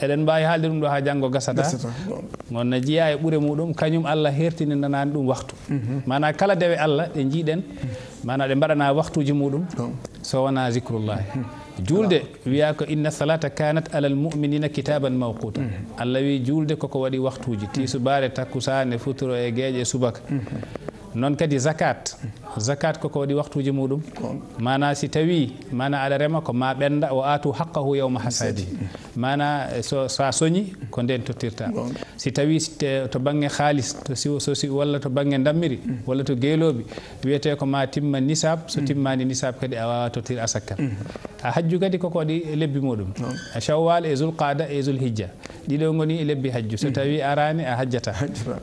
eɗen mbawi haalde ɗum ɗo ha janggo gasata gonna jeeya e ɓuure muɗum kañum allah hertini nanani ɗum waktu mhm. mana kala dewe allah ɗe jiiɗen mhm. mana ɗe mbaɗana waktuji muɗum so wona zicrullahi mhm. julde wiya ko inna salata kanat alal muminina kitaban mawquta allah wi julde koko waɗi waktuji tisubare takkusane futuro e gueƴe e subaka noon kadi zakat zakat koko waɗi waktuji muɗum mana si tawi mana aɗa rema ko ma ɓenda o atu haqqahu yawma hasadi mana eh, so sa soñi ko nden tottirta si tawi to banggue haalis to so, si, walla to banggue dammiri walla to geeloɓi wiyete ko ma timma nisab so timmani nisab kadi a wawa tottir asak a hajju kadi koko waɗi lebbi muɗum shawwal e zulqada e zulhijja ɗiɗo goni e lebbi hajju so tawi arani a hajjata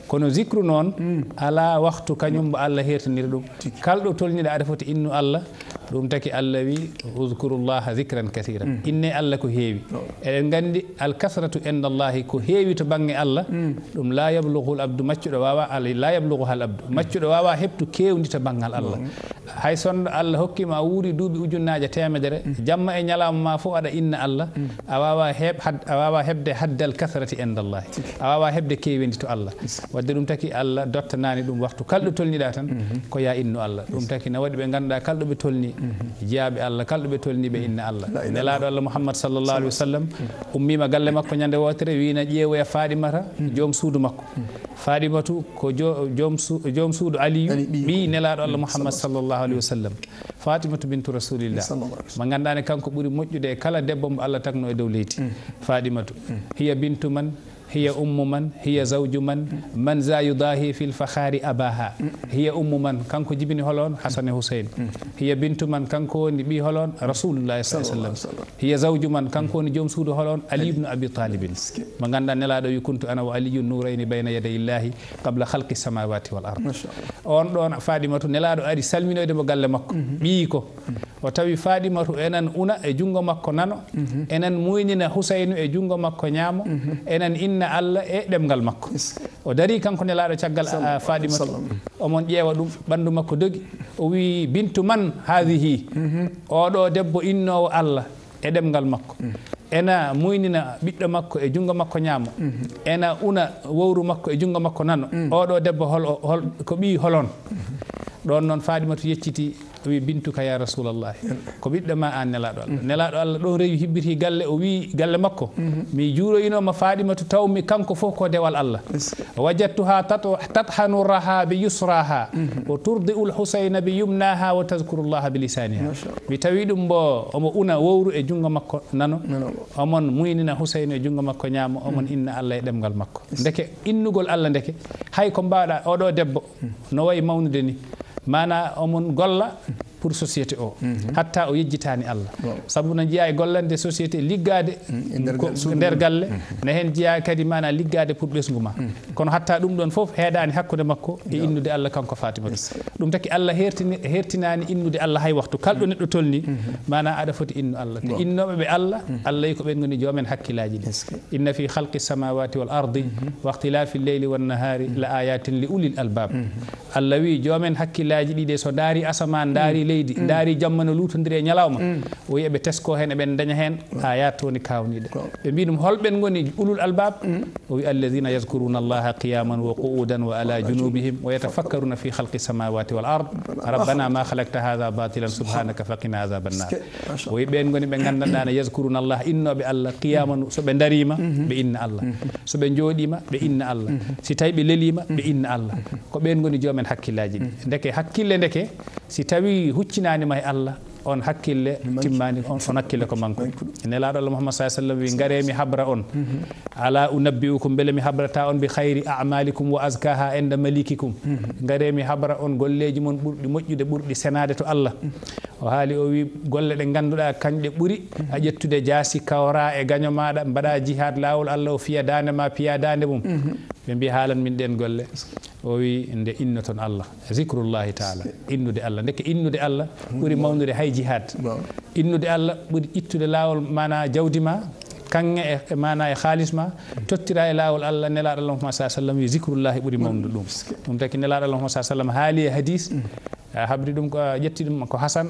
kono zicre noon mm. ala waktu kañum kañum mbo allah hertaniri ɗum kalɗo tolniɗa aɗa foti innu allah ɗum taki allah wi uscurullaha zicran kathira mm. inne allah ko heewi eɗen gandi alkasratu inde allahi ko heewi to bangge allah mm. ɗum la yablugu l abdu maccuɗo wawa la yablugu hal abdu mm. maccuɗo wawa heɓtu kewdi to banggal allah hay sonno allah hokkima a wuuri duuɓi ujunnaje temedere jamma e ñalama ma fof aɗa inna allah a wawa heɓ a wawa heɓde hadde alkasrati inde allahi a wawa heɓde kewidi to allah wadde ɗum taki allah dottanani ɗum waftu kalɗo tolniɗa tan mm-hmm. ko ya innu allah ɗum taki ne waɗi ɓe ganduɗa kalɗo ɓe tolni jeyaɓe allah kala ɗoɓe tolniɓe inna allah nelaɗo allah mouhammad sallallah alih wa sallam ummima galle makko ñande wotere wina ƴeewo e faɗimata joom suudu makko faɗimatu ko joom suudu aliyu ɓi nelaɗo allah mouhammad sallallahu alih wa sallam fatimatu bintu rasulillah mo ganduɗani kanko ɓuuri moƴƴude e kala debbo mo allah tagno e dow leydi mm. faɗimatu hiya bintu man hiya ummu man hiya zawju man man za yudahi fil fakhari abaha hiya ummu man kanko jibini holon hasane husein hiya bintu man kanko woni ɓi holon rasulullahi sa sallam hiya zawju man kanko woni joom suudu holon ali ibnu abi talibin mo ganduɗa nelaɗo wi kuntu ana wa aliyu nourayni bayna yaday illahi qabla halqi samawati wal ard on ɗon faɗimatu nelaɗo ari salminoyde mo galle makko ɓi ko o tawi faɗimatu enen una e junngo makko nano mhm. enen muynina husaynu e junngo makko ñaamo mhm. enen inna tinna allah e ɗemgal makko o dari kanko ne laaɗo caggal faaɗima omon ƴeewa ɗum ɓanndu makko dogi o wi bintu man hadihi mhm. oɗo debbo innowo allah e ɗemgal makko mhm. ena muynina ɓiɗɗo makko e junngo makko ñaama mhm. ena una wowru makko e junngo makko nano oɗo debbo hol ko ɓi holon ɗon noon faaɗima to yecciti o wi bintuka ya rasulallah ko ɓiɗɗoma an nelaɗo allah nelaɗo allah ɗon rewi hiɓɓiti galle o wi galle makko mi juuroyinoma faaɗima to tawmi kanko fof ko dewal allah wajadtu ha tathanu raha bi yusraha mhm. wo turdi ul husayna bi yumnaha wa tadcuru llaha bi lisaniha mi tawi ɗum bo omo una wowru e junngo makko nano omon muynina husayna e junngo makko ñaamo omon mhm. inna allah e ɗemgal makko ndeke innugol allah ndeke hay ko mbawɗa oɗo debbo mhm. no wayi mawnude ni maanaa amun golla pour société o hatta o yejjitani allah sabu no jiya e gollande société liggade nder galle ne hen jiya kadi mana liggade pour ɓesgu ma kono hatta ɗum ɗon foof heeɗani hakkude makko e innude allah kanko fatima ɗum taki allah hertinani innude allah hay waktu kalɗo neɗɗo tolni mana aɗa foti innu allah te innoɓeɓe allah allah yi ko ɓen goni joomen hakkillaji inna fi halqi samawati wal ardi wa ihtilafi lleyli wannahari la ayatin li ulil albab allah wi joomen hakkillaji de so daari asama daari leydi daari jammana lutondire nyalawma o yebe tesko hen ben danya hen ha yaat toni kawnide be mbi ɗum goni ulul albab o wi allazina yazkuruna allaha qiyaman wa qu'udan wa ala junubihim wa yatafakkaruna fi khalqi samawati wal ard rabbana ma khalaqta hadha batilan subhanaka faqina adaba nar o wi ɓen goni ɓe gandanɗa ne yadkuruna allah innoɓe allah qiyaman be darima be inna allah be jodima be inna allah si tawi ɓe lelima be inna allah ko ben goni jomen hakkilaji ndeke deke hakkille ndeke si tawi huccinanima e allah on hakkille timmani on hakkille ko manko ene laaɗo allah mouhamad sa sallam wi garemi habra on ala unabbi ukum beele mi habrata on bi hayri amalikum wa askaha enda malikikum garemi habra on golleji moon ɓurɗi moƴƴude ɓurɗi senade to allah o haali o wi golle ɗe ganduɗa kañƴe ɓuuri a ƴettude jaasi kawra e gaño maɗa mbaɗa jihad lawol allah o fiya dande ma piya dande mum ɓe mbi haalan min ɗen golle o wi nde inno toon allah zicrullahi taala innude allah ndeke innude allah ɓuuri mawnude hay jihad innude allah ɓuri ittude laawol mana jawdi ma kanŋe e mana e haalis ma tottira e laawol allah nelaɗo allah muhammad sa sallam wi zicrullahi ɓuri mawnude ɗum ɗum taki nelaɗo allah muhammad sa sallam haali e hadis habri ɗum ko ƴetti ɗum ko hasan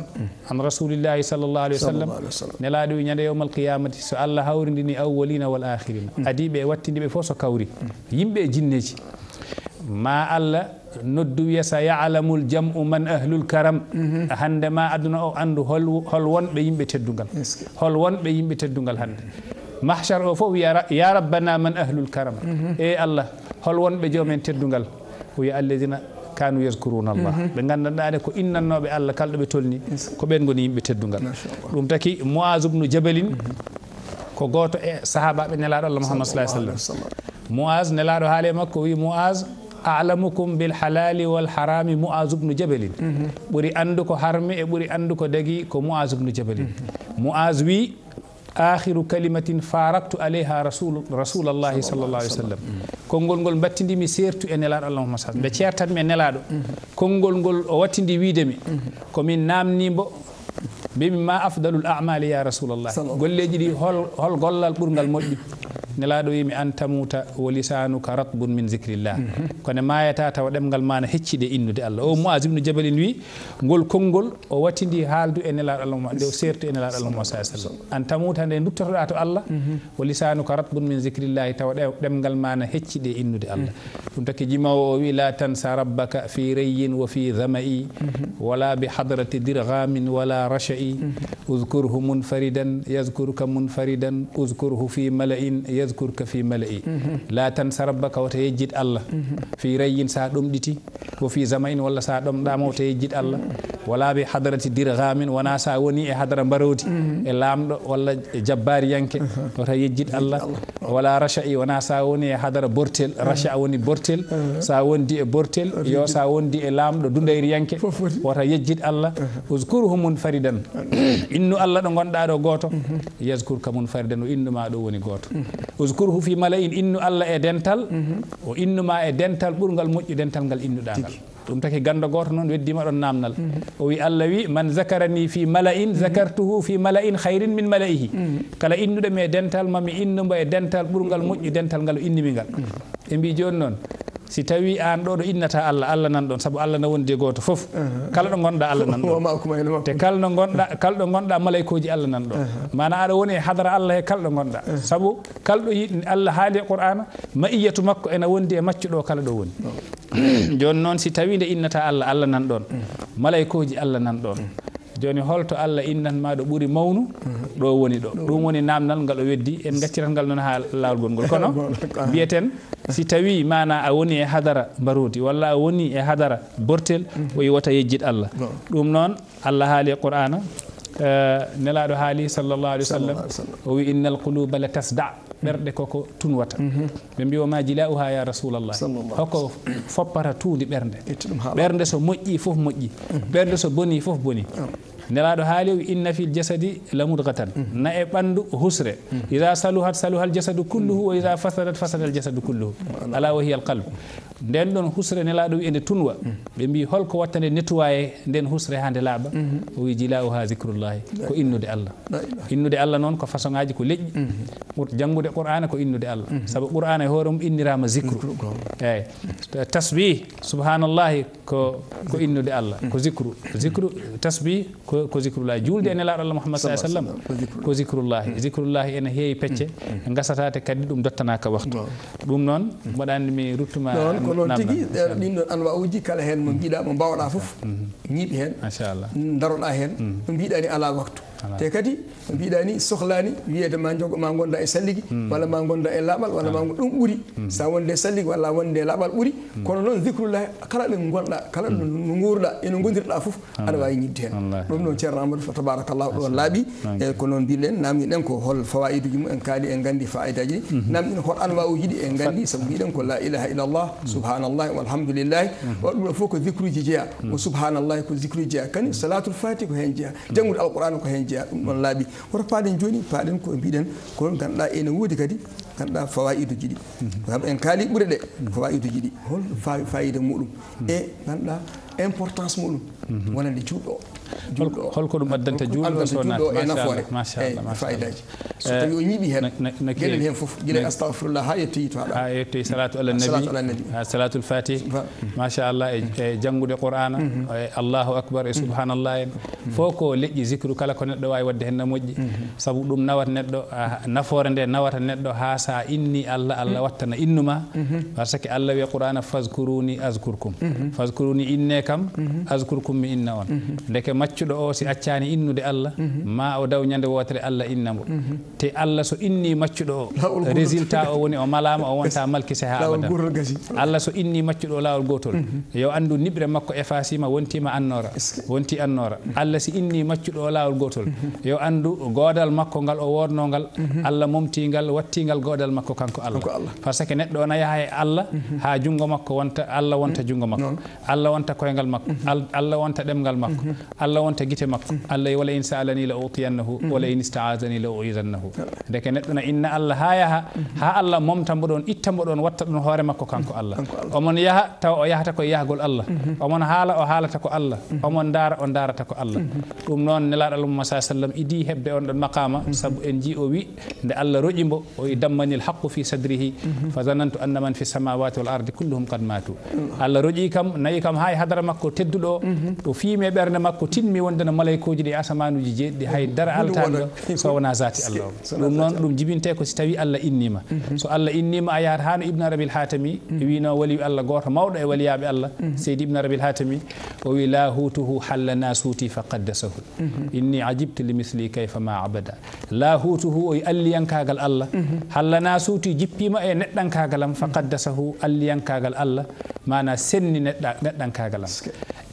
an rasulillah sallallahu alaihi wasallam sallam nelaɗo wi yowmal qiyamati so alla hawrindini awwalina wal akhirin adibe wattindibe wattidiɓe so kawri yimbe jinneji ma allah noddu wiya sa yaalamul jamu man ahlul karam mhm. hannde ma aduna o anndu hol hol wonɓe yimɓe teddungal hol wonɓe yimɓe teddungal hannde mahchar o fof wiya ya rabbana man ahlul karam e allah hol wonɓe joomen teddungal wiya alladina kanu yaskuruna llah mhm. ɓe nganndanɗaane ko innannooɓe allah kala ɗo ɓe tolni ko ɓeen ngoni yimɓe teddungal ɗum taki moise ubnu jabalin ko gooto e sahaabaɓe nelaaɗo allah muhammad sa sallam moise nelaaɗo haale makko wi moise alamukum bil halali wal harami mu'az ibn jabal ɓuri andu ko harme e ɓuri andu ko dagi ko mu'az ibn jabal mu'az wi akhiru kalimatin faraktu aleyha rasulallahi sallallah alih w sallam konngol ngol mbattidimi sertu e nelaɗo allahuma sa nde ceertatmi e nelaɗo konngol ngol o wattidi wiidemi komin namnimbo mbimi ma afdalul amali ya rasulallah golleji ɗi hol gollal ɓurgal moƴƴi nelaɗo wimi an tamuta wo lisanuka ratbun min zicrillah kono mayata tawa ɗemgal ma no hecciɗe innude allah o moas ibnu jabal en wi ngol konngol o wattidi haaldu e nelaɗo allah ma nde sertu e nelaɗo allah moma saa sallam an tamuta nde duttotoɗa to allah wo lisanuka ratbun min zicrillahi tawa ɗemgal ma no hecciɗe innude allah ɗum taki jimawo o wi la tansa rabbaka fi reyin wo fi dama'i wala bi hadrati dirgamin wala rasha'i udkurhu munfaridan yadkuruka munfaridan udkurhu fi mala'in يذكرك في ملئي لا تنسى ربك وتيجد الله في ري سادم ديتي وفي زمان ولا سادم دام وتيجد الله ولا بحضرة درغام وناسا وني حضرة بروتي إلا ولا جبار ينك وتيجد الله wala rachai wona sa woni e hadara bortel mm. racha woni bortel mm. sa wondi e bortel yo sa wondi e lamɗo dundayri yanke woto yejjid allah mm-hmm. uscour humun faridan mm-hmm. innu allah ɗo gonɗa ɗo goto mm-hmm. yascour kamum fariden o innuma ɗo woni goto uscour hufi mala in innu allah e dental o innuma e dental ɓurgal moƴƴu dental ngal innuɗa ngal ɗum taki ganda goto noon weddima ɗon namdal o wi allah wi man zakarani fi mala in zakartuhu fi mala in hayrin min mala ihi kala innuɗo mi e dental mami innuma e dental ɓurgal moƴƴu dental ngal o innimi ngal ɓe mbi joni noon si tawi an ɗo ɗo innata allah allah nan ɗon saabu allah na woni de goto foof kala ɗo gonɗa allah nan ɗote kalno gonɗa kala ɗo gonɗa malaykoji allah nan ɗo mana aɗa woni e hadara allah e kala ɗo gonɗa saabu kala ɗo yi allah haali e qur'ana ma iyatu makko ena wondi e maccu ɗo kala ɗo woni joni noon si tawi nde innata allah allah nan ɗon malaykoji allah nan ɗon joni holto allah ma do buri mawnu do woni do dum woni namnal gal o weddi en gattiran gal non ha lawol gongol kono bieten si tawi mana a woni e hadara mbarodi walla a woni e hadara bortel o yiwata yejjid allah ɗum noon allah haali e qur'ana nelaɗo haali sallllahu alih w sallam o wi inna alquluba la tasda ɓerɗe koko tunwata ɓe mbi woma jila uha ya rasulallah hoko foppata tuundi ɓernde ɓernde so moƴƴi fof moƴƴi ɓernde so boni fof boni نرادو هاليو إن في الجسد لمدغة نأباند حسر إذا سلوهت سلوها الجسد كله وإذا فسدت فسد الجسد كله ألا وهي القلب nden ɗon husre ne laaɗo wi ende tunwa ɓe mbi holko watta nde netoyé nden husre ha nde laaɓa mhm. o wi jilawu ha zicrullahi ko innude allah innude allah noon ko façon ngaji ko leƴƴi mhm. janngude qur'ana ko innude allah mhm. saabu qur'ana e hoore mum innirama zicru eyi tasbi subhanallahi ko ko innude allah ko zicru zicru tasbi ko zicrullahi juulde e nelaaɗo allah mouhammad sah sallam ko zicrullahi zicrullahi ene heewi pecce gasatate kadi ɗum dottanaka waktu ɗum noon mbaɗanimi ruttuma onon tigi eh, ɗin ɗon anwawuji kala hen mo jiiɗa mo mbawɗa foof mhm. ñiiɓi hen daroɗa hen no mhm. mbiɗani ala waktu te kadi mbiɗa ni sohlani wiyede ma jogo ma gonda e salligui hmm. walla ma gonda e laaɓal walla ma ɗum ɓuuri hmm. sa wonde e salligui walla wonde e laaɓal ɓuuri hmm. kono noon zicrullahi kala ɗo gonɗa kala no guurɗa eno gondirɗa foof aɗa wawi ñidde hen ɗum noon ceerno amadou tabarakallahu ɗo laaɓi eyyi ko noon mbiɗen namdiɗen ko hol fawaiduji mum en kaali en gandi fayidaji mhm. ɗi namdiɗen hol an wawjiɗi en gandi saabu mbiɗen ko la ilaha illallah subhanallahi walhamdulillahi o ɗum ɗo foof ko zicruji jeeya o subhanallahi ko zicruji jeeya kani salatul fati ko hen jeeya janggude alqurana ko hen jeeya jeeya ɗum ɗon laaɓi woto paaɗen jooni paaɗen koye mbiɗen ko ngannduɗaa ene woodi kadi ngannduɗa fawayide ji ɗi gam en kaali ɓure ɗe fawayide ji ɗi hol fayide muɗum e ngannduɗa importance muɗum mhm. wonande cuuɗo o holko ɗum addanta juulɗo e nafoore e fayidaji so tawi o ñiiɓi heen gueɗen heen fof guila astahfirullah ha yettoyi to haɗa ha yettoyi salatu ala nabi ha salatul fatih machallah e janngude qur'ana e allahu akbar e subhanallah en fof ko leƴƴi zicre kala ko neɗɗo wawi wadde hen no moƴƴi saabu ɗum nawata neɗɗo nafoore nde nawata neɗɗo ha sa inni allah allah wattana innuma par ce que allah wiya qur'ana faskuruni askurkum faskuruni inne kam askurkum mi inna on ndeke maccuɗo o si accani innude allah ma o daw ñande wotere allah innamo te allah so inni maccuɗo o résultat o woni o malama o wonta malkise ha abada allah so inni maccuɗo o lawol gotol yo andu niɓre makko effacima wontima annora wonti annora allah si inni maccuɗo o lawol gotol yo andu godal makko ngal o wodnongal allah momtingal wattingal godal makko kanko allah par ce que neɗɗo o nayaha e allah ha junggo makko wonta allah wonta junggo makko allah wonta koyngal makko allah wonta ɗemgal makko allah wonta guite makko allah e wala in salani la utiyannahu wala in istaasani la uidannahu deke neɗɗo no inna allah ha yaha ha allah momta mbo ɗon itta mbo ɗon watta ɗum hoore makko kanko allah omon yaha taw o yahata koye yahgol allah omon haala o haalata ko allah omon daara o daarata ko allah ɗum noon nelaɗo allahmuma sa sallam idi hebde on ɗon maqama saabu en ji o wi nde allah roƴi mbo o i dammanil haqqu fi sadrihi fa zanantu anna man fi samawati wal ardi kulluhum kad matu allah roƴi kam nayi kam ha e hadara makko tedduɗo o o fiimi e ɓernde makko tinmi wondena malaykoji ɗi e asamanuji jeeɗi ɗi hay dara altaɗo so wona zati allah o ɗum noon ɗum jibinte ko si tawi allah innima mhm. so allah innima a yahat hano ibne arabil hatami mhm. wino waliy allah goto mawɗo e waliyaɓe allah mhm. seydi ibne arabil hatami o wi la hutuhu hallana suuti fa qaddasahu inni ajibtu li misli kayfa ma abada la hutuhu o alliyankagal allah hallana suuti jippima e neɗɗankagalam fa qaddasahu alliyankagal allah mana senni neɗɗan kagalam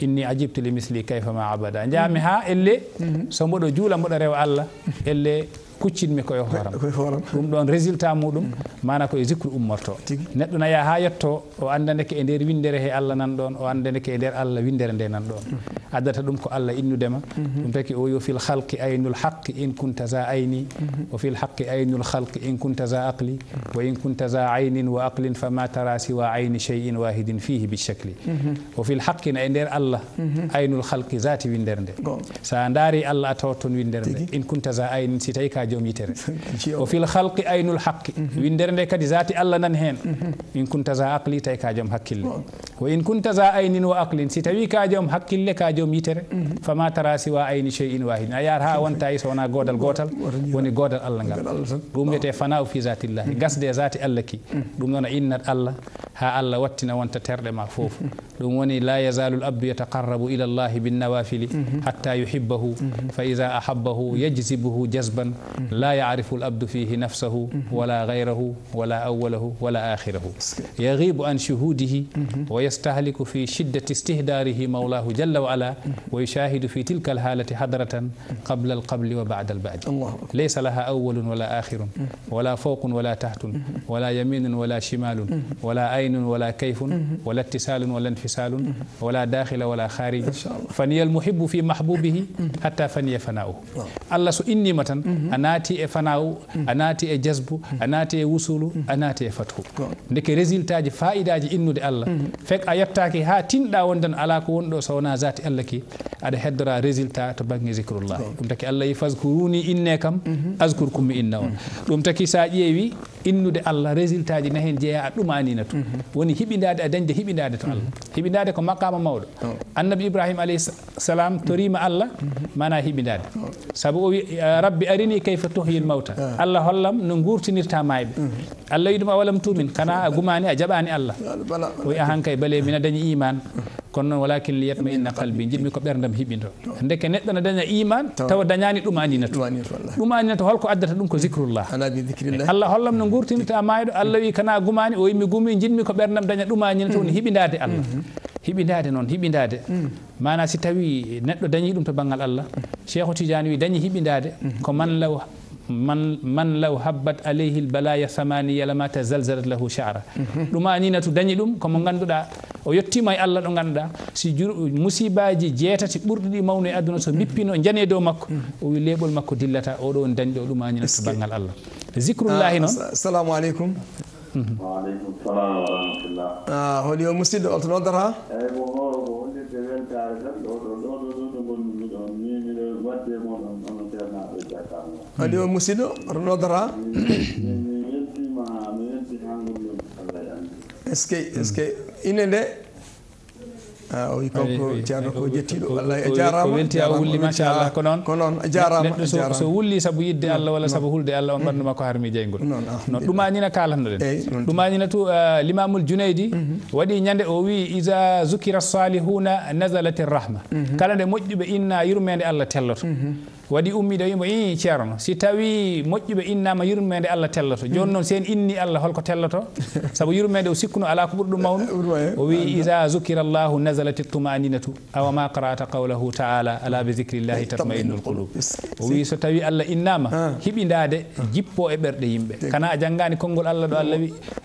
inni ajibtu li misli kayfa ma abada jaami ha elle mhm. so mboɗo juula mboɗo rewa allah mhm. elle kuccinmi koye hooram ɗum ɗon résultat muɗum mana koye zicre ummorto neɗɗo naya ha yetto o andaneke e nder windere he allah nan ɗon o andaneke e nder allah windere nde nan ɗon addata ɗum ko allah innudema ɗum taki o yo fil halqi aynul haqqi in kunta za ayni o fil haqqi aynul halqi in kunta za aqli wa in kunta za aynin wa aqlin fama tara siwa ayni chey in wahidin fihi bichakli o fil haqqina e nder allah aynul halqi zati windere nde sa daari allah a tawat toon windere nde in kunta za aynin si tawi ka جوم يتر وفي الخلق أين الحق وين درن ديك ذاتي الله نن هن إن كنت ذا أقلي تيكا جوم حق وإن كنت ذا أين وأقل ستوي كا جوم حق اللي كا جوم يتر فما ترى سوى أين شيء واحد أيار ها وان تايس وانا غودل غوتل وني غودل الله نغال بوم يتفنا في ذات الله غس دي ذاتي الله كي بوم نونا إن الله ها الله واتنا وانت ترد ما فوف بوم وني لا يزال الأب يتقرب إلى الله بالنوافل حتى يحبه فإذا أحبه يجذبه جذبا لا يعرف الأبد فيه نفسه ولا غيره ولا أوله ولا آخره يغيب عن شهوده ويستهلك في شدة استهداره مولاه جل وعلا ويشاهد في تلك الحالة حضرة قبل القبل وبعد البعد ليس لها أول ولا آخر ولا فوق ولا تحت ولا يمين ولا شمال ولا أين ولا كيف ولا اتصال ولا انفصال ولا داخل ولا خارج فني المحب في محبوبه حتى فني فناؤه الله سو إني متن أنا naati e fanawu mm. a naati e jasbu mm. a naati e wusulu mm. a naati e fatu deke résultat ji faidaji innude allah fek a yettaki ha tinɗa wondan ala ko woni ɗo so wona zati allah ki aɗa heddora résultat to banggue zicrullah ɗum taki allah yi faskuruni inne kam mm-hmm. askour kummi inna on ɗum taki sa ƴeewi innude allah résultat ji na heen jeeya a ɗumaanina to mhm. woni hiɓindade a dañde hiɓindade to allah mhm. hiɓindade ko maqama mawɗo oh. annabi ibrahima alayhi salam mhm. torima allah mana hiɓindade oh. saabu o wi rabbi arini kayfa tuhyil mawta ah. allah hollam no gurtinirta mayɓe allah wiɗuma walam tumin kana a gumani a jaɓani allah o wi ahan kay bale mina dañi iman kono noon walakin li yatma inna qalbi jiɗmi ko ɓerdam hiɓinto ndeke neɗɗo ne daña iman tawa dañani ɗumaninato ɗumaninato holko addata ɗum ko zicrullah e allah hollam no gurtinito a mayɗo allah wi kana gumani o yimmi gumi jiɗmi ko ɓerdam daña ɗumaninato woni mm. hiɓidade allah mm-hmm. hiɓidade noon hiɓidade mm. mana si tawi neɗɗo dañi ɗum to banggal allah mm. cheikhu tidiane wi dañi hiɓidade ko manlaw man man law habbat alayhi albalaya samaniya lama tazalzalat lahu chara ɗumanina to dañi ɗum komo ganduɗa o yettima e allah ɗo ganduɗa si musibaji jeetati ɓurɗi ɗi mawno e aduna so bippino jane dow makko o wi leɓol makko dillata oɗo on dañi ɗo ɗumanina to banggal allah zicrullahi noon assalamu aleykum a holi o musidɗo olto noon dara eyi ko ko hollirde weltare tan ɗo ɗo ɗo ɗo ɗo ɗo gonmi ɗon mi miɗo waddemo اليوم مسيدو رونالدو راه اسكي اسكي انين دي او يكونو جارو كو جيتيلو الله اجارام كونتي يا ولي ما شاء الله كونون آه، كونون اجارام اجارام سو ولي سابو يدي نعم. الله ولا سابو نعم. هولدي الله اون بانو ماكو هارمي جايغول نون نعم، دوما ني نا كالان دين إيه، دوما ني نا تو آه، الامام الجنيدي ودي نياند او وي اذا ذكر الصالحون نزلت الرحمه كالان دي موجبه ان يرمي الله تلوتو waɗi ummida wima i ceerno si tawi moƴƴuɓe innama yurmede allah telloto hmm. joni noon sen inni allah holko telloto saabu yurmede o sikkuno ala ko ɓurɗum mawnu o wi ida zukira llahu nasalat tumaninatu awama qarata qawlahu taala ala bi zicrillahi tatmainu lqulub o wi so tawi allah innama hiɓidade jippo e ɓerɗe yimɓe kana a janggani konngol allah ɗo allah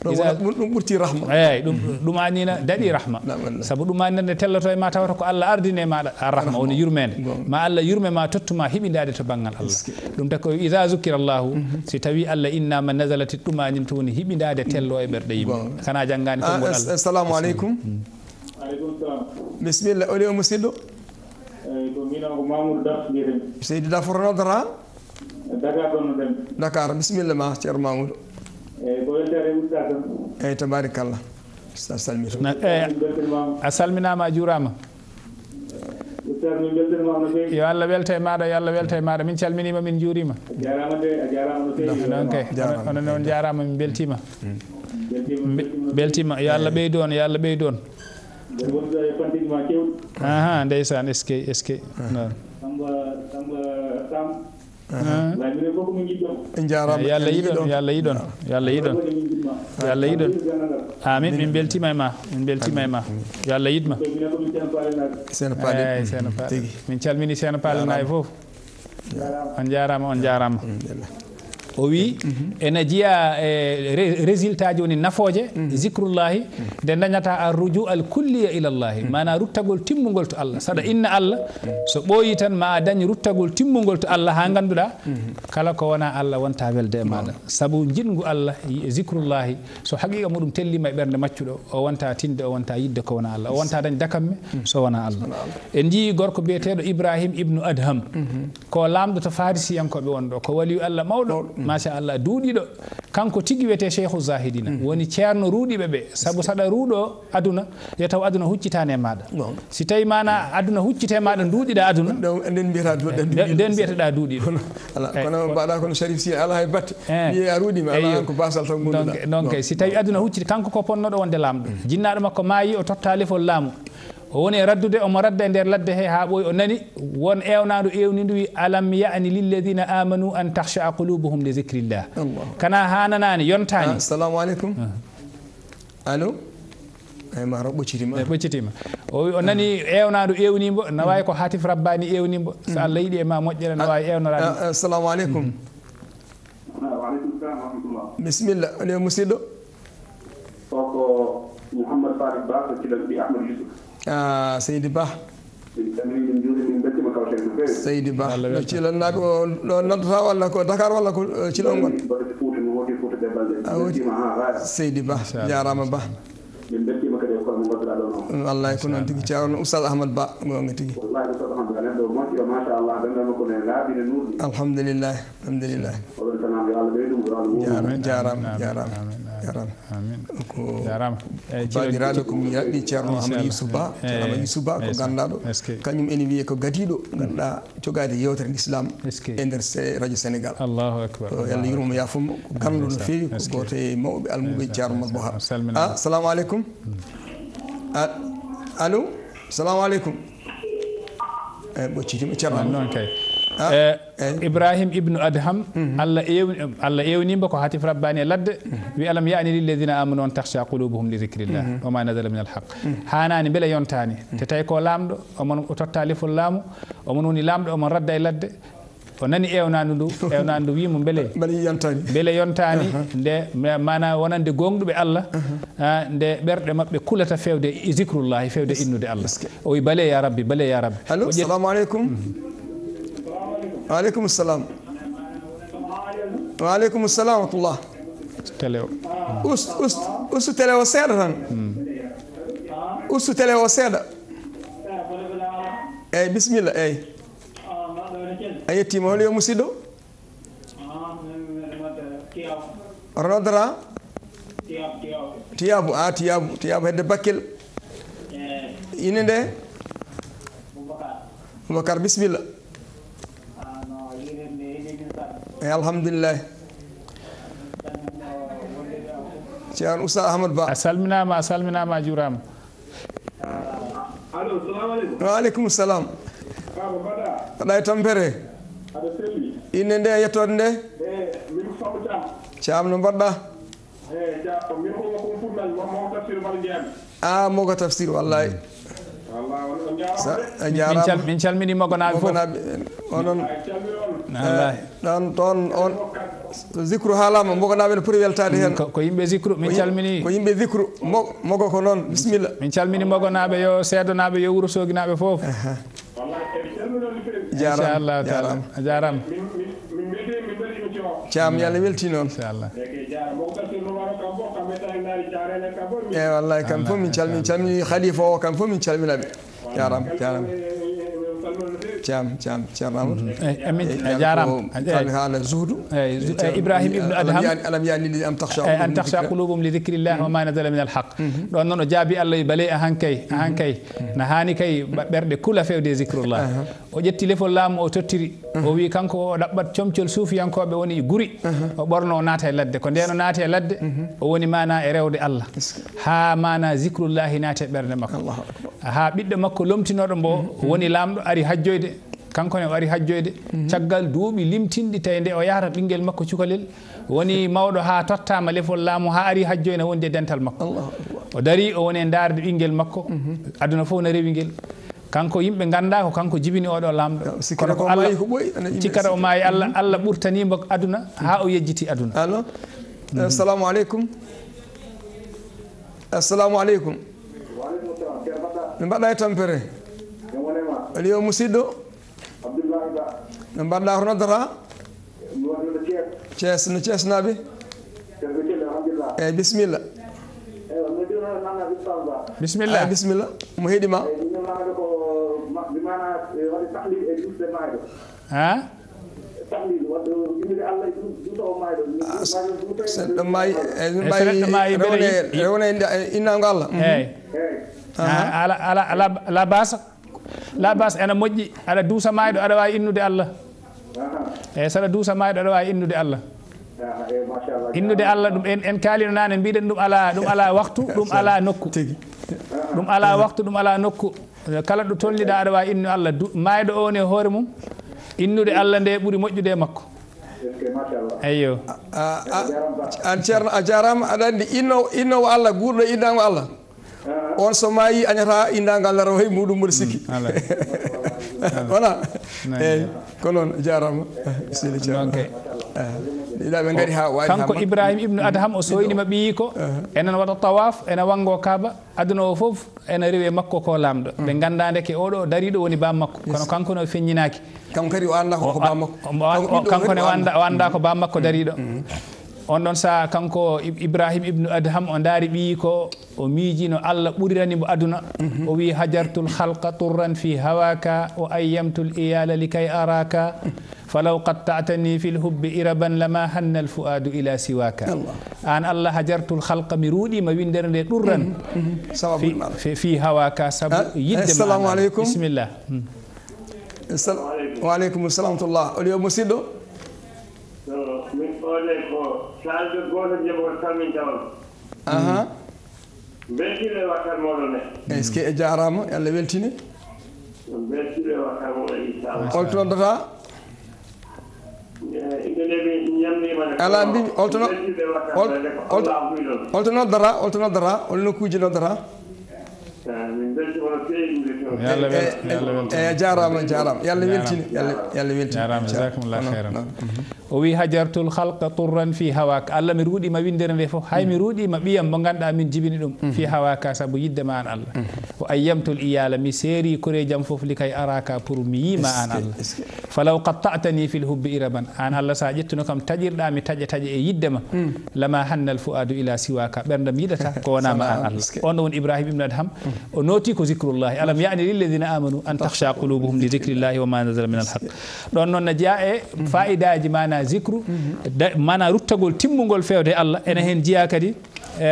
wiɗum ɓurti rahma eyi ɗum mm-hmm. ɗumanina daɗi rahma saabu ɗumaninade telloto e ma tawata ko allah ardine maɗa a rahma woni yurmede ma allah yurme ma tottuma hiɓi dillade to banggal allah ɗum tako ida zukira llahu mhm. si tawi allah innama nasalat ɗumanin toni hiɓidade mm. tello e ɓerɗe yimɓe kana janggani ah, assalamu aleykum mm. bisimilla oɗio musidɗo eh, seydi dafornodra dakar bisimilla ma ceero mamoudo eyyi tabarikallah a salminama a juurama eh, yo allah welta e maɗa yo allah welta e maɗa min calminima min juurima noon kay ono noon jarama min beltima beltima yo allah ɓeydu on yo allah ɓeydu on aha ndeysan eskey eskey noon yo allah yiɗon yo allah yiɗon yo allah yiɗon yo allah yiɗon amin min beltima e ma min beltima e ma yo allah yidma seno paaleseno paale min calmini seno paalena e foof on jarama on jarama o wi mhm. ene jiya e résultat ji woni nafooje mhm. zicrullahi nde dañata arruju alkulliya ilallahi manat mhm. ruttagol timmugol to allah saɗa inna allah so ɓooyi tan ma a dañ ruttagol timmugol to allah ha ganduɗa kala ko wona allah wonta welde e maɗa saabu jiɗgu allah zicrullahi so haqiqa muɗum tellima e ɓernde maccuɗo o wonta tinde o wonta yidde ko wona allah o wonta dañ dakamme so wona allah en jii gorko biyeteɗo ibrahim ibnu adham ko lamɗo to farisiyankoɓe wonɗo ko waliyu allah mawɗo Hmm. machallah duuɗiɗo kanko tigui wiyete cheikhu zahidina mm -hmm. woni ceerno ruuɗiɓe ɓe saabu saɗa ruuɗo aduna yo taw aduna huccitani e maɗa si tawi mana aduna huccite maɗa duuɗiɗa aduna nden mbiyataɗen mbiyataɗa duuɗiɗokono eh, mbaɗa kono sharif si ala e batte wiye eh. a ruuɗima alaa ko basal tan gonɗuɗa donc si tawi aduna huccite kanko ko ponnoɗo wonde laamɗo hmm. jinnaɗo makko maayi o totta lefol laamu o woni e raddude omo radda e nder ladde he ha ɓooyi o nani won ewnaɗo ewnidi alam yani lilladina amanu an tahcha qulubuhum li zicrillah kana hananani yontani ah, assalamu aleykum ah. allo emaro ɓoccitima eh, ɓoccitima o wi o nani ewnaɗo ewnimbo nawawi ko hatif rabbani ewnimbo so allah yiiɗi e ma moƴƴere nawawi ah, ewnorad assalamu aleykum bisimilla ale musidɗo Mouhamad Farid Ba ko ci la bi Ahmad Yusuf. ah Seydi Ba. Seydi Ba no cilon naaɓe o ɗo noddata walla ko dakar walla ko euh, cilon seydi ba jarama ah, ba ah, wallay ko noon tigui cawno oustad ahmad ba gonga tigui alhamdulillah alhamdulillah jarama jarama ko bandiraɗo rado ceerno amadou yousouf ba ceerno Yusuba yousouf ba ko ganduɗaɗo kañum ene wiye ko gadiɗo ganduɗa jogade yewtere islam e nder radio senegal allahu akbar eh, allah yurmomo yafumo ko ganduɗo no fewi ko goto e mawɓe ceerno mat boha a ah, salamu aleykum hmm. allo ah, salamu aleykum e eh, ceerno anu, kay ibrahim ibnu adham allah ewni allah ewnima ko hatif rabbani e ladde wi alam yani lilladina amanu on takhcha qulubuhum li dicrillah wama nadala min alhaq hanani beele yontani te tawi ko lamɗo omon totta lefol laamu omon woni lamɗo omon radda e ladde o nani ewnandu ndu ewnandu ndu wimo beele yontani beele yontani nde mana wonande gonɗuɓe allah nde ɓerɗe mabɓe kulata fewde zicrullahi fewde innude allah o wi bale ya rabbi bale ya rabbi allo salamu aleykum waaleykum salaam waaleykum salaam ust ust ust ust ustu ust seeɗa tan ustu teleo seeɗa hmm. eyyi bisimilla eyyi a yettima hol yo musidɗo rodra tiyabu a ah, tiyabu tiyabu hedde bakkel eh. ine nde boubacar bisimilla Eh, alhamdulillah Cian Ustaz ahmad ba a salminama a salam baba mbaɗa mbaɗa e tampere aɗa selli inde nde yettode ya nde min fawta caam no mbaɗɗa eyi caam min koma komi tafsir mbaɗa ah, tafsir wallahi a jarama min calminima gonaɓe fof ɗon ɗon on zicru haalama bogonaɓe no pooti weltade hen mm, ko yimɓe zicru min calmini ko yimɓe zicru mogo ko noon bisimilla min calmini mogonaɓe yo seedonaɓe yo wuuro soginaɓe foof inchallahu taala a jarama caam yallah welti noon inchallah eyi eh, wallay kam fof min calmini calmini khalifa o kam fof min calminaɓe jarama jarama جام جام جام يعني أمين جارم يعني قال زودو يعني إبراهيم ابن أدهم ألم يعني أم تخشى أن تخشى قلوبهم لذكر الله وما نزل من الحق لأن أنا جابي الله يبلي أهانكي أهانكي نهاني كي برد كل في ودي ذكر الله وجت تلفون لام أو تطري أو وي كانكو رب تشم تشل سوفي أنكو بوني غوري وبرنو ناتا لد كندي أنا ناتا لد ووني ما أنا إرهودي الله ها ما أنا ذكر الله ناتا برد مكو ها بيد مكو لم تنورم بو ووني لام أري هجويد kanko ne o ari hajjoyde mhm. caggal duuɓi limtinɗi tawi nde o yahata ɓinguel makko cukalel woni mawɗo ha tottama lefol laamu ha ari hajjoyne wonde e dental makko o dari o woni e darde ɓinguel makko mhm. aduna fof ne rewi ngel kanko yimɓe ganda ko kanko jibini oɗo lamɗo kono ko cikkata o maayi allah mhm. allah ɓurtanimo aduna ha o yejjiti aduna allo assalamu aleykum assalamu aleykum mi mbaɗa e tampere aliyo musidɗo Mballa horno dara Thiès no Thiès naɓe eyyi bisimilla bisimilla bisimilla mo heeɗima ha sen ɗo mayi e ɗum mayi rewna iya. innago allah eyyi eh. eh. ah, ala ala la basa la basa ene moƴƴi aɗa duusama ɗo aɗa wawi innude allah eyyi saɗa duusa maɗa ɗo wawi innude allah innude allah ɗum en kaalino nane mbiɗen ɗum ala ɗum ala waktu ɗum ala nokku ɗum ala waktu ɗum ala nokku kala ɗo tolniɗa aɗa wawi innude allah mayɗo on e hoore mum innude allah nde ɓuuri moƴƴude e makko eyyo an ceerno a jarama aɗa andi inno innowo allah guurɗo innango allah Uh-huh. on so maayi añata indangal laraw hey muɗum mboɗo sikki wala eh, eh oh. ko noon jarama jaram donc ɗiɗa ɓe gari ha wadi kanko ibrahima ibnu adham o soynima mabbi ko uh-huh. enen waɗa tawaf ene wango kaaba aduna o fof ene rewi makko ko lamdo ɓe mm. gandande ke oɗo dariɗo woni bam makko kono kanko no feññinaki kanko kadi o ko ba makko makko ne o wanda ko bam makko dariɗo mm. on ɗon saha kanko ibrahima ibnu adham on dari ɓi ko o miijino allah ɓuriranimo aduna o wi hajartul halqa turran fi hawaka o ayyamtul iyala likay araka falaw qattatani fi lhubbi iraban lama hanna al fuadu ila siwaka an allah hajartul halqa mi ruuɗima windere nde ɗurran fi hawaka sabu yidde assalamu aleykum bisimillah wa aleykum salam tullah o ɗi o So, mit Oleco, saldo gol je bortami taw. Aha. Beltile wakar molone. Est-ce que e jarama Yalla weltine? Beltile wakar molone. Ol ton data? ala mbi oltono oltono dara oltono dara ol nokkuji no dara yalla weltina eyi jarama jarama yallah weltina yallah weltina jarama jasakumllah heyran o wi hajartul halqa turran fi hawak allah mi ruuɗima windere nde fof hay mi ruuɗima ɓiyam mo ganduɗa min jibini ɗum fi hawaka saabu yiddema an allah o ayyamtul iyala mi seeri kore jam fof likay araka pour mi yima an allah falaw qattatani fil hubbi iraban an allah sa ƴettuno kam taƴirɗa mi taƴa taƴa e yiddema lama hannal fuadu ila siwaka ɓerdam yiɗata ko wonama an allah on ɗo woni ibrahima ibnu adham o noti ko zicrullahi alam yani lilledina amanu an tahcha qulubuhum li zicrillahi wa ma nadara min alhaq ɗon noon ne jeeya e fayidaji mana zicru mana ruttagol timmugol fewde allah ene hen jiya kadi e,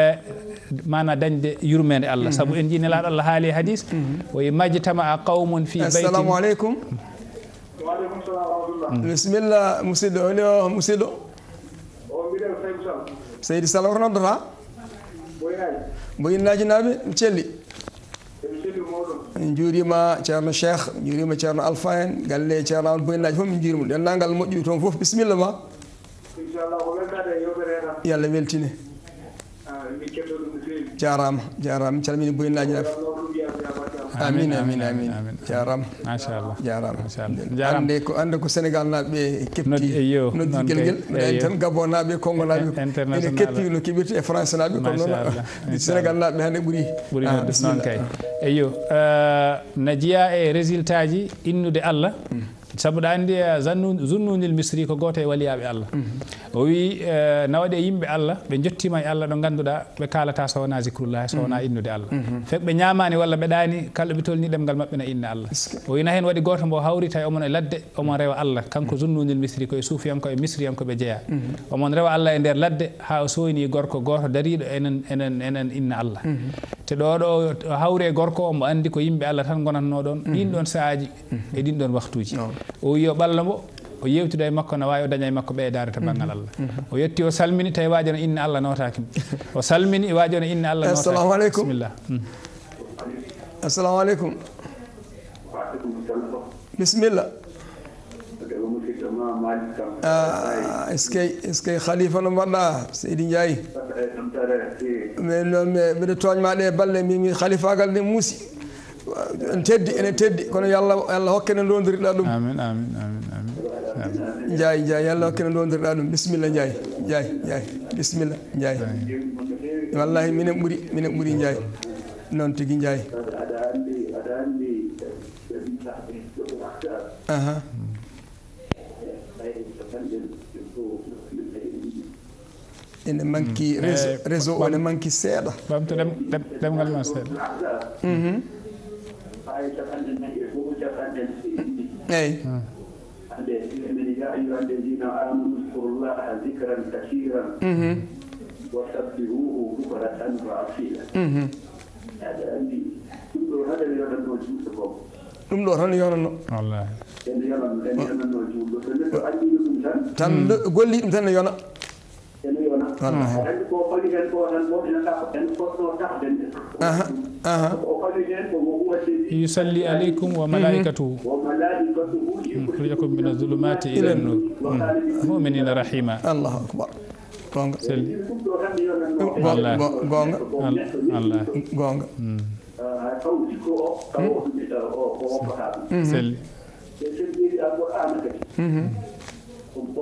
mana dañde yurmede allah mm-hmm. saabu en jinelaɗo allah haali hadis mm-hmm. woyi majjitama a qawmun fi baytisalamu aleykum bisimilla musidɗo oni o musidɗo seydi salaw ko noddata mboyinaji naaɓe celli en juurima ceerno cheikh en juurima ceerno alpha en galle ceerno amadou boyinaji fof min juurimu dendagal moƴƴuɓe toon foof bisimilla ma inchallah ko weltade e yewtere heɗa yo allah weltine mi ketto ɗum no fewi jarama jarama mi calmini boyinaji nafi amin amin amin jaramajaramaande ko ande ko sénégal naaɓe kepti eh, noddirguel guel en eh, tan gabon naaɓe congo naaɓe ene keppi no keɓirta e français naaɓe kono noon sénégal naaɓe hande ɓuuri ɓuuri ah, noon kay eyo eh, na jiya e résultat ji innude allah mm. sabu ɗa anndi zunnuni l misri ko gooto e waliyaɓe allah o wi nawaɗe yimɓe allah ɓe jottima e allah ɗo ngannduɗa ɓe kalata so wona zicrullahi so wona innude allah fek ɓe ñamani walla ɓeɗani kalɗo ɓe tolni ɗemgal maɓɓe na inna allah o wina hen waɗi goto mbo hawrita e omon e ladde omon rewa allah kanko zunnunil misri koye suufiyanko e misriyanko ɓe jeeya omon rewa allah e nder ladde ha o soyni gorko goto dariɗo enen enen enen inna allah te ɗo ɗo hawre gorko omo andi ko yimɓe allah tan gonatno ɗon ɗin ɗon saaji e ɗin ɗon waktuji o wi o ɓalla mbo o yewtida e makko no wawi o daña e makko ɓeydare to banggal allah o yetti o salmini tawi waaji no inna allah notaki mo o salmini waaji no inna allah assalamu aleykum bisimillah assalamu aleykum bisimilla eskey eskey khalifa no mbaɗɗa seydi ndiayi min noon mbiɗa tooñmaɗe e balle mimi khalifagal ne muusi en teddi ene teddi kono yalla allah hokke ne ndodiriɗa ɗum jay jay allah hokke ne ndodiriɗa ɗum bisimilla jay jay jay bisimilla jay wallahi minen ɓuuri minen ɓuuri jay noon tigui jay ahan ene manqui eh, réseau réseau o ne manqui seeɗa ɓamtoɗem ɗemgal ma seeɗa mhm. اي يا ايها الذين امنوا اذكروا الله ذكرا كثيرا وسبحوه بكرة وأصيلا هذا عندي هذا اللي يرى الموجود ɗum ɗo tan yoranno tan golli ɗum tan ne yona والله أها أها يصلي عليكم وملائكته يخرجكم من الظلمات إلى النور مؤمنين رحيما الله أكبر gonga selli gonga allah gonga selli selli alqur'ana kadi omo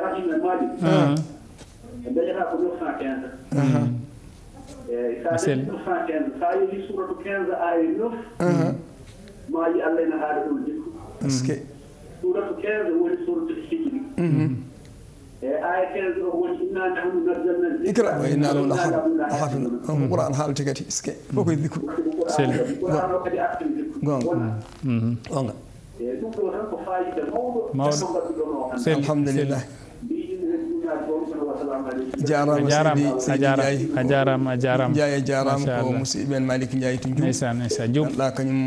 العراق من المالي آه. بلغ قبل خاكان مثل خاكان خايلي سورة كان آيلوف ما يألنا هذا الجكو اسكي سورة كان هو سورة الحجر ikra wa inaa lahu laxaafin ama qur'aan haal tagati iske bokoy diku sel gonga gonga alhamdulillah jarama seydi a jarama a jarama jeeya jarama ko musidɓe men malik ndiaye to jum ganduɗa kañum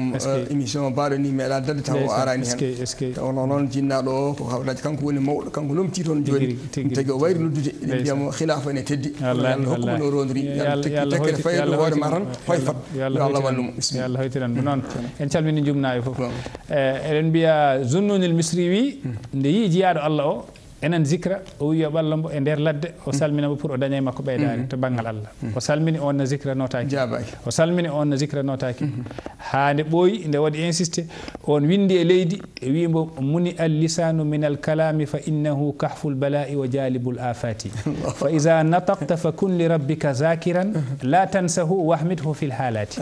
émission mbaɗo ni meeɗa dadde taw o arani hen taw no noon jinnaɗo o ko hawraji kanko woni mawɗo kanko lomti toon joni tagui o wayri noddude eɗen mbiyamo khilafa ene teddi allah hokkuma no rondiri tekkere fayde hoore ma tan hoy fat yo allah wallumo yo allah hoytiran mo noon en calmini jumnaɓe foof eɗen mbiya zunnunil misri wi nde yii jeeyaɗo allah o enen zikra o wi yo ɓalla mbo e der ladde o salmina bo pour o dañay makko beydaani to bangal allah o salmini on zikra zicra notaki o salmini on no zicra notaki haande nde ɓooyi nde waɗi insisté on windi e leydi e wimbo muni al lisanu min al kalami fa innahu kahful balai wa jalibul afati fa iza nataqta fa kun li rabbika zakiran la tansahu wahmidhu fi l haalati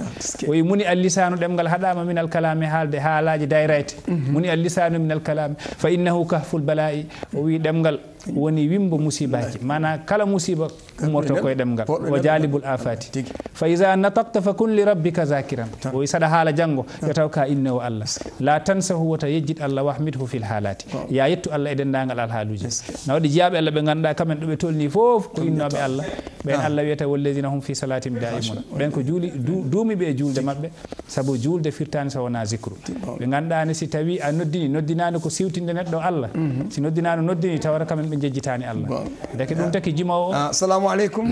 o wi muni al lisanu demgal hadama min al kalami halde halaji dayrayte muni al lisanu min al kalami fa innahu kahful balai o wi எண்ணங்கள் woni wimbo musibaji mana kala musiba umorto koye ɗemgal o jalibul afati fa isa natakta fa kun li rabbika zakiran o saɗa haala janggo yo taw ka innewo allah la tansa hu wota yejjit allah wahmid hu fil haalati ya yettu allah e dendagal alhaaluji na waɗi jeyaɓe allah ɓe ganduɗa kamen ɗo ɓe tolni foof ko innoɓe allah ah. ɓen allah wiyata wallesina hum fi salatim daimun ɓen ko juuli duumiɓe e julde mabɓe saabu julde firtani sa wona zicro ɓe ganduɗani si tawi a noddini noddinani ko siwtinde neɗɗo allah mhm. si noddinano noddini tawata kamen ɓe jejjitani allah deke ɗum taki jimawo o ah, assalamu aleykum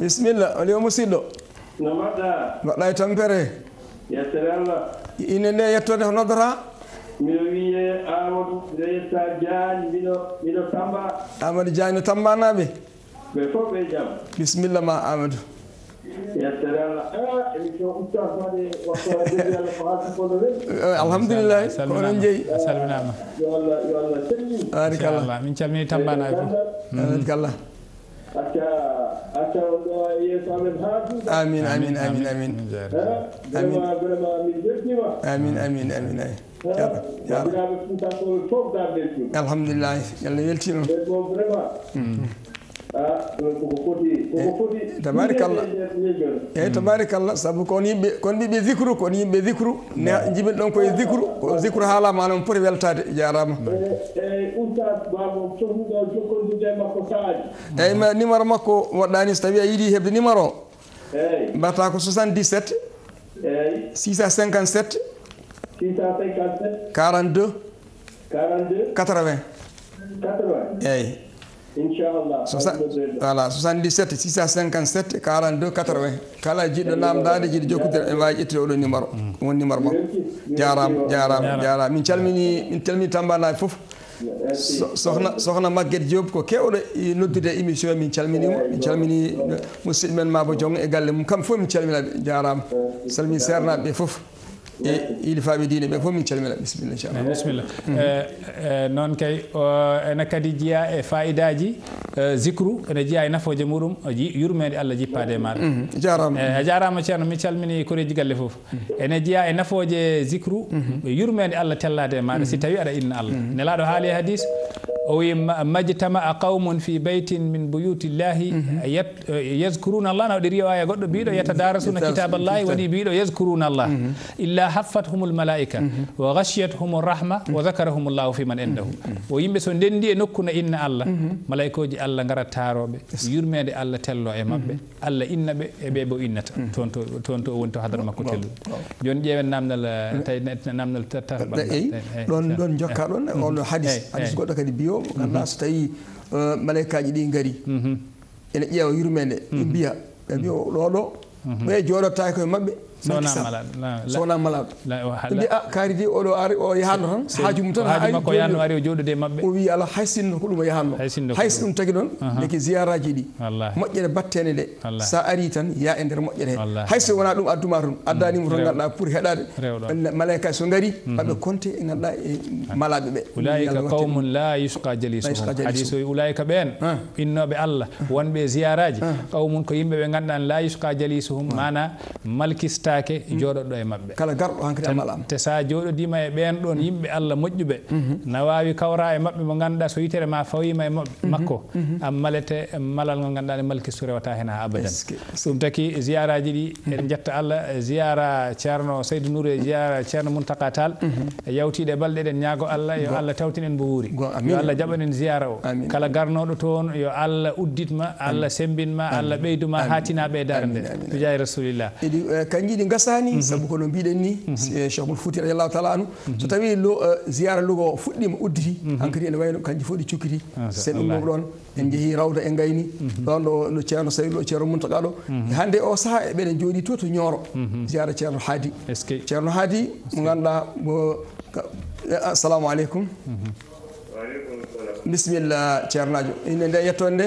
bisimilla oliwo musidɗo no mbaɗɗa mbaɗɗa e tampere yettere allah ine nde yettode ko noddata miɗo wiye amadou nde yetta diani mbiɗo mbiɗo tamba amadou diani no tambanaɓe ɓe foof ɓe jaam bisimilla ma amadou alhamdulillahi ko onon jeeyi a salminama barikallah min calmini tambanaki fof barikallah acca acca ɗo yeeso amen haatude amin amin amin amin vraiment amin amin amin amin Alhamdulillah. fuutakoɓe fof darde tabarikallah eyyi eh, tabarikallah saabu kon yimɓe kon mbiɓe zicru kon yimɓe zicru ne jibin ɗon koye zicru ko zicru haalama ana pooti weltade jarama eyyi eh, eh, e ma numéro makko woɗɗani so tawi a yiiɗi hebde numéro o mbatta ko 77 657 657 42 42 80 80 eyyi inchallah 77 657 42 80 mm. kala jiɗɗo namdade jiɗo jokkodira ene wawi ƴettude oɗo numéro mm. won numéro makko jarama jarama jarama min calmini min calmini tambanaɓe foof sohna sohna magguet diob ko kewɗo e noddude e émission min calminimo min calmini musidɗo men mabo jong e galle mum kamɓe foof min calminaɓe jarama salmini sernaɓeɓe foof ilfaaɓe diine ɓe fof min calmina bisimilla inchallah bisimilla noon kay ene kadi jeeya e fayidaji zicru ene jeeya e nafoje muɗum yurmede allah jippade e maɗa jarama a jarama ceerno mi calmini koreji galle foof ene jeeya e nafoje zicru yurmede allah tellade e maɗa si tawi aɗa inna allah nelaɗo haali e hadis o wi majtama qawmun fi beytin min buyutillahi yazkuruna allah na waɗi riwaya goɗɗo mbiɗo yatadarasuna kitaballahi waɗi mbiɗo yazkuruna allah illa haffathum lmalaika wa gasiyathum rahma wa zakarahum llah fiman indahu o yimɓe so ndenndi e nokku no inna allah malaikoji allah ngara taaroɓe yurmede allah tello e maɓɓe allah inna ɓe e ɓe bo innata mm. toon to o woni to hadara makko telluɗe joni ƴeewen namdal namdal ɗon ɗon jokka ɗon on hadis eh, hadis eh. goɗɗo kadi biyo ganda mm-hmm. so tawi eh, malaika ji ɗi gaari mm-hmm. ene ƴeewa yurmede ɓe mbiya ɓe mbiya ɗo ɗo mm-hmm. ɓe jooɗottaki koye maɓɓe so wona malaaɗo mbi a kaari oɗo ari o yahanno tan haaju mum tan makko yahanno ari o joɗude maɓɓe o wi ala hay sinno ko ɗum o yahanno hay so ɗum tagi noon deke ziyaraji ɗi moƴƴere battene nde sa ari tan ya e nder moƴƴere he hay so wona ɗum adduma toon mm. addanima toon ganduɗa pour heɗade malaika so gaari maɓe mm-hmm. compté e ganduɗa e malaɓe ɓe ulaika qawmun la yusqa jalisuhum hadis o ulaika ɓen innoɓe allah wonɓe ziyaraji qawmun ko yimɓe ɓe ganduɗan la yusqa jalisuhum mana malkista yettaake jooɗotɗo e, hmm. e maɓɓe kala garɗo hankkate so a jooɗodiima e ɓeen ɗoon hmm. yimɓe allah moƴƴuɓe mhm. no waawi kawraa e maɓɓe mo ngannduɗaa so yitere ma fawiima e maɓɓe mhm. makko mhm. ammalete malal ngo ngannduɗaa ne malki so rewataa heen haa abadan ɗum taki ziyara ji ɗi en jetta allah e ziyara ceerno saydou nour e ziyara ceerno moutaka tal e yawtiiɗe balɗe ɗen ñaago allah yo allah tawtin en mbo wuuri yo allah jaɓanen ziyara o kala garnooɗo toon yo allah udditma allah sembinma allah ɓeyduma haatinaa ɓeydaare nde pijaye rasulillah eh, ɗi gasani mhm. saabu kono mbiɗen ni mhm. e cheikhmol fouti radiallahu taala anu mhm. so tawi eh, ziyara lugo fuɗɗima udditi hankkadi ene wayno kanƴi fof ɗi cukkiti ah, sen ɗummum ɗon en jeehi rawda e gayni ɗon ɗo no ceerno sawilo ceerno muntaka ɗo hande o saaha eɓene jooɗi to to ñooro ziyara ceerno haadi ceerno haadi mo ganduɗa mo e, assalamu aleykum bisimilla ceernajo ine nde yettode nde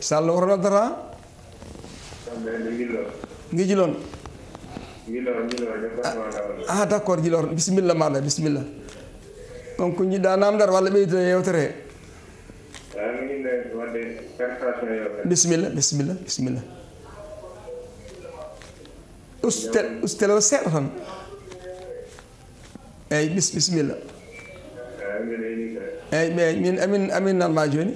salla woto noddata ngi jiloon ah d'accord jiloor bisimilla maɗa bisimilla donc jiɗɗa namdar wala ɓeydo yewtere ya, ya, Bismillah Bismillah Bismillah. ustel iya, ustel o seeɗa tan eyyi bis bisimilla eyyi min amin amin nan ma joni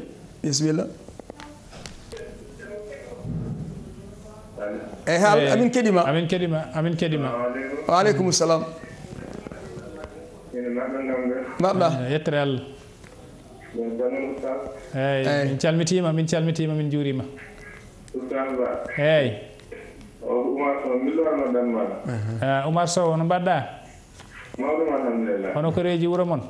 eyi eh, ha eh, amin keɗima amin keɗima amin keɗima waaleykum salam mbaɓɗa eh, yettere allah eyi min calmitima min calmitima min juurima eyi umar sow no mbaɗɗa hono koreji wuuro moon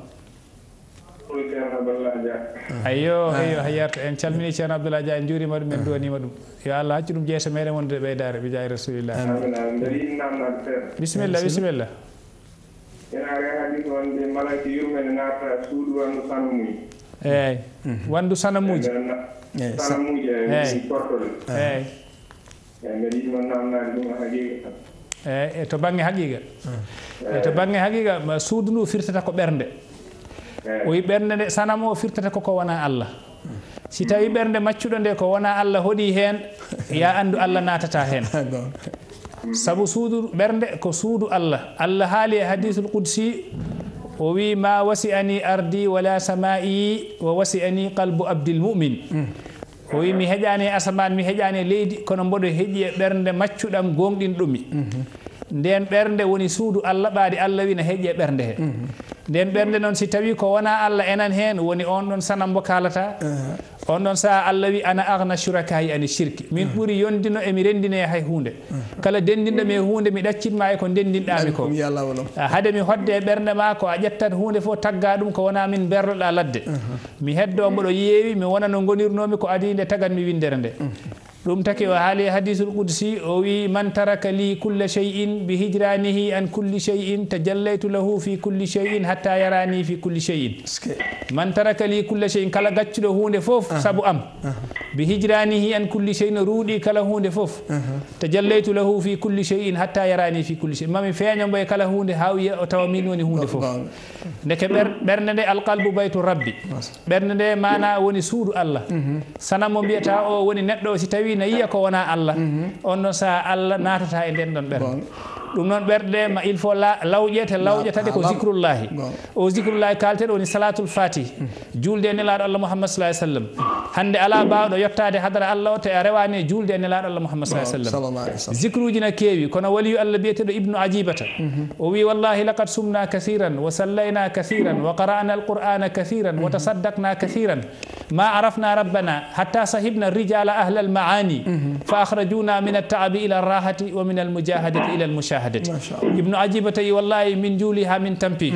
ayyo ah. ayyo ha yarta en calmini ceerno abdoulah dia en juurima ɗum en duwanima ɗum yo allah hacci ɗum jeeso meɗen wonde ɗo ɓeydare ɓe jahi rasulillah bisimilla bisimilla eyyi wandu sanamuji eyyi eyyi to bangge haqiqa ah. eyyi to bangge haqiqa suudu ndu firtata ko ɓernde Eh. o yi ɓernde nde sanam o firtata koko wona allah si tawi ɓernde maccuɗo nde ko wona allah hoɗi hen ya andu allah natata hen saabu suudu ɓernde ko suudu allah allah haali e hadisul qudsi o wi ma wasi ani ardi wala samai wa wasi ani qalbu abdil mumin mm. o wi mi heƴani e asaman mi heƴani e leydi kono mboɗo heeƴi e ɓernde maccuɗam gonɗin ɗumi mm-hmm. nden ɓernde woni suudu allah ɓaade allah wi no heeƴi e ɓernde he mm-hmm. nden ɓerde noon si tawi ko wona allah enan hen woni on ɗon sanam bo kalata on ɗon saaha allah wi ana arna suraka yi ani shirki min ɓuuri yondino emi rendine e hay hunde kala dendinɗomi e hunde mi ɗaccitma e ko dendinɗami ko haade ah, mi hodde e ɓerde ma ko a ƴettat hunde foof tagga ɗum ko wona min berloɗa ladde mi heddo mboɗo yeewi mi wona no gonirnomi ko adi nde tagat mi windere nde رمتك تكي وهالي حديث القدسي أوي من ترك لي كل شيء بهجرانه أن كل شيء تجليت له في كل شيء حتى يراني في كل شيء من ترك لي كل شيء كلا قتش له فوف سابو أم بهجرانه أن كل شيء رودي كلا هون فوف تجليت له في كل شيء حتى يراني في كل شيء ما من فين يوم بيكلا هون أو تومين هون فوف deke ɓer ɓernde nde alqalbu baytu rabbi ɓernde nde mana woni suudu allah sana mo mbiyata o woni neɗɗo o si tawi ne yiya ko wona allah mhm. on noon saaha allah natata e nden ɗon ɓernde دوم نون برد ما إل فو لا لاو جت لاو جت هذا كذكر الله وذكر الله كالتر ونصلاة الفاتي جول دين الله الله محمد صلى الله عليه وسلم هند على بعض يقطع هذا الله تأريوانه جول دين الله الله محمد صلى الله عليه وسلم ذكر وجهنا كيبي كنا ولي الله بيته ابن عجيبة وبي والله لقد سمنا كثيرا وصلينا كثيرا وقرأنا القرآن كثيرا وتصدقنا كثيرا ما عرفنا ربنا حتى صحبنا الرجال أهل المعاني فأخرجونا من التعب إلى الراحة ومن المجاهدة إلى المشاهدة ابن عجيبتي والله من جولها من تنبيه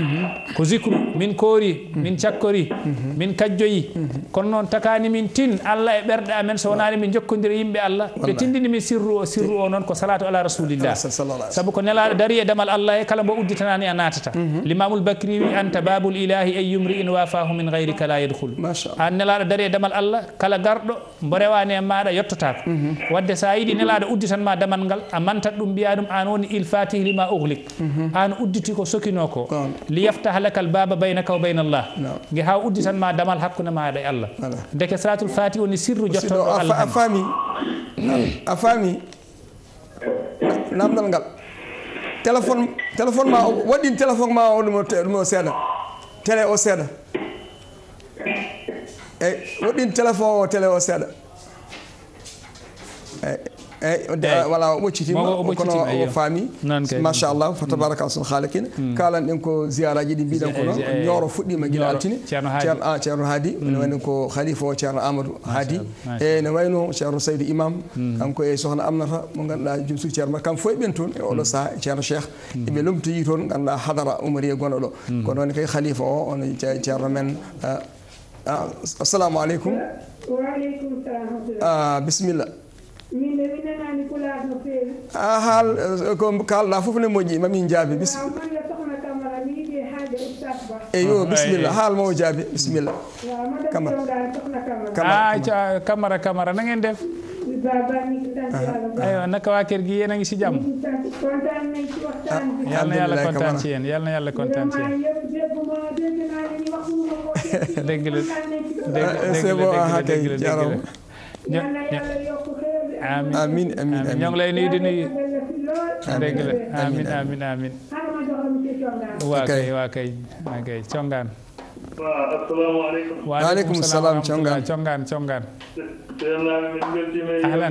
كذكر min koori min cakkori mhm. min kajjoyi mhm. kono noon takani min tin allah e ɓerɗe amen so wonani min jokkodiri yimɓe allah ɓe tindini min sirru o sirru o noon ko salatu ala rasulillah saabu ko nelaɗo dari e damal allah e kala mbo udditanani a natata mhm. limamul bacry wi anta babul ilahi ey yumriin wafahu min gayrika la yedhul an nelaɗo dari e damal allah kala garɗo mbo rewani e maɗa yettotako wadde sa yiɗi nelaɗo udditanma damal ngal a mantat ɗum mbiya ɗum an woni il fatih lima ohlik an udditi ko sokino ko li yaftaha lakal baba baynaka o bayna allah gi ha udditan ma damal hakkunde ma aɗa e allah deke saratul fati woni sirru jotto a faami a faami namdal ngal téléphone téléphone ma waɗɗin téléphone ma o ɗum ɗum o seeɗa télé o seeɗa eyi waɗɗin téléphone o télé o seeɗa eyi eyyi eh, voilà eh, o ɓoccitima kono o faami machallah fa mm. tabaraka sun haalakina mm. kalan ɗen ko ziyara ji ɗi mbiɗen kono eh, ñoro fuɗɗima guila altini ceerno ceerno haadi ah, mm. ene wayno ko halifa o ceerno amadou haadi eyyi ne wayno ceerno saydou imam kanko e sohna amnata mo ganduɗa jom suuji ceerno makko kam fo e ɓen toon e oɗo saaha e ceerno cheikh eɓe lomtoyi toon ganduɗa hadara umari e gonɗo ɗo kono wayno kay halifa o on ceerno men ah, assalamu aleykum waaleykum salam ah, bisimilla a ah, haal ko eh, kalɗa fof ne moƴƴi mami jaabi eyi eh, yo bisimilla haalma o jaabi bisimilla camara a def ah, eywa ah. naka waa gi yéen a ngi ci yéen yal na yàlla kontaan ci yéen amiin amiin ñoo ngi lay nuyu di nuyu. dégg la amiin amiin amiin. congaan. waaw asalaamaaleykum. salaam congaan congaan congaan. yallah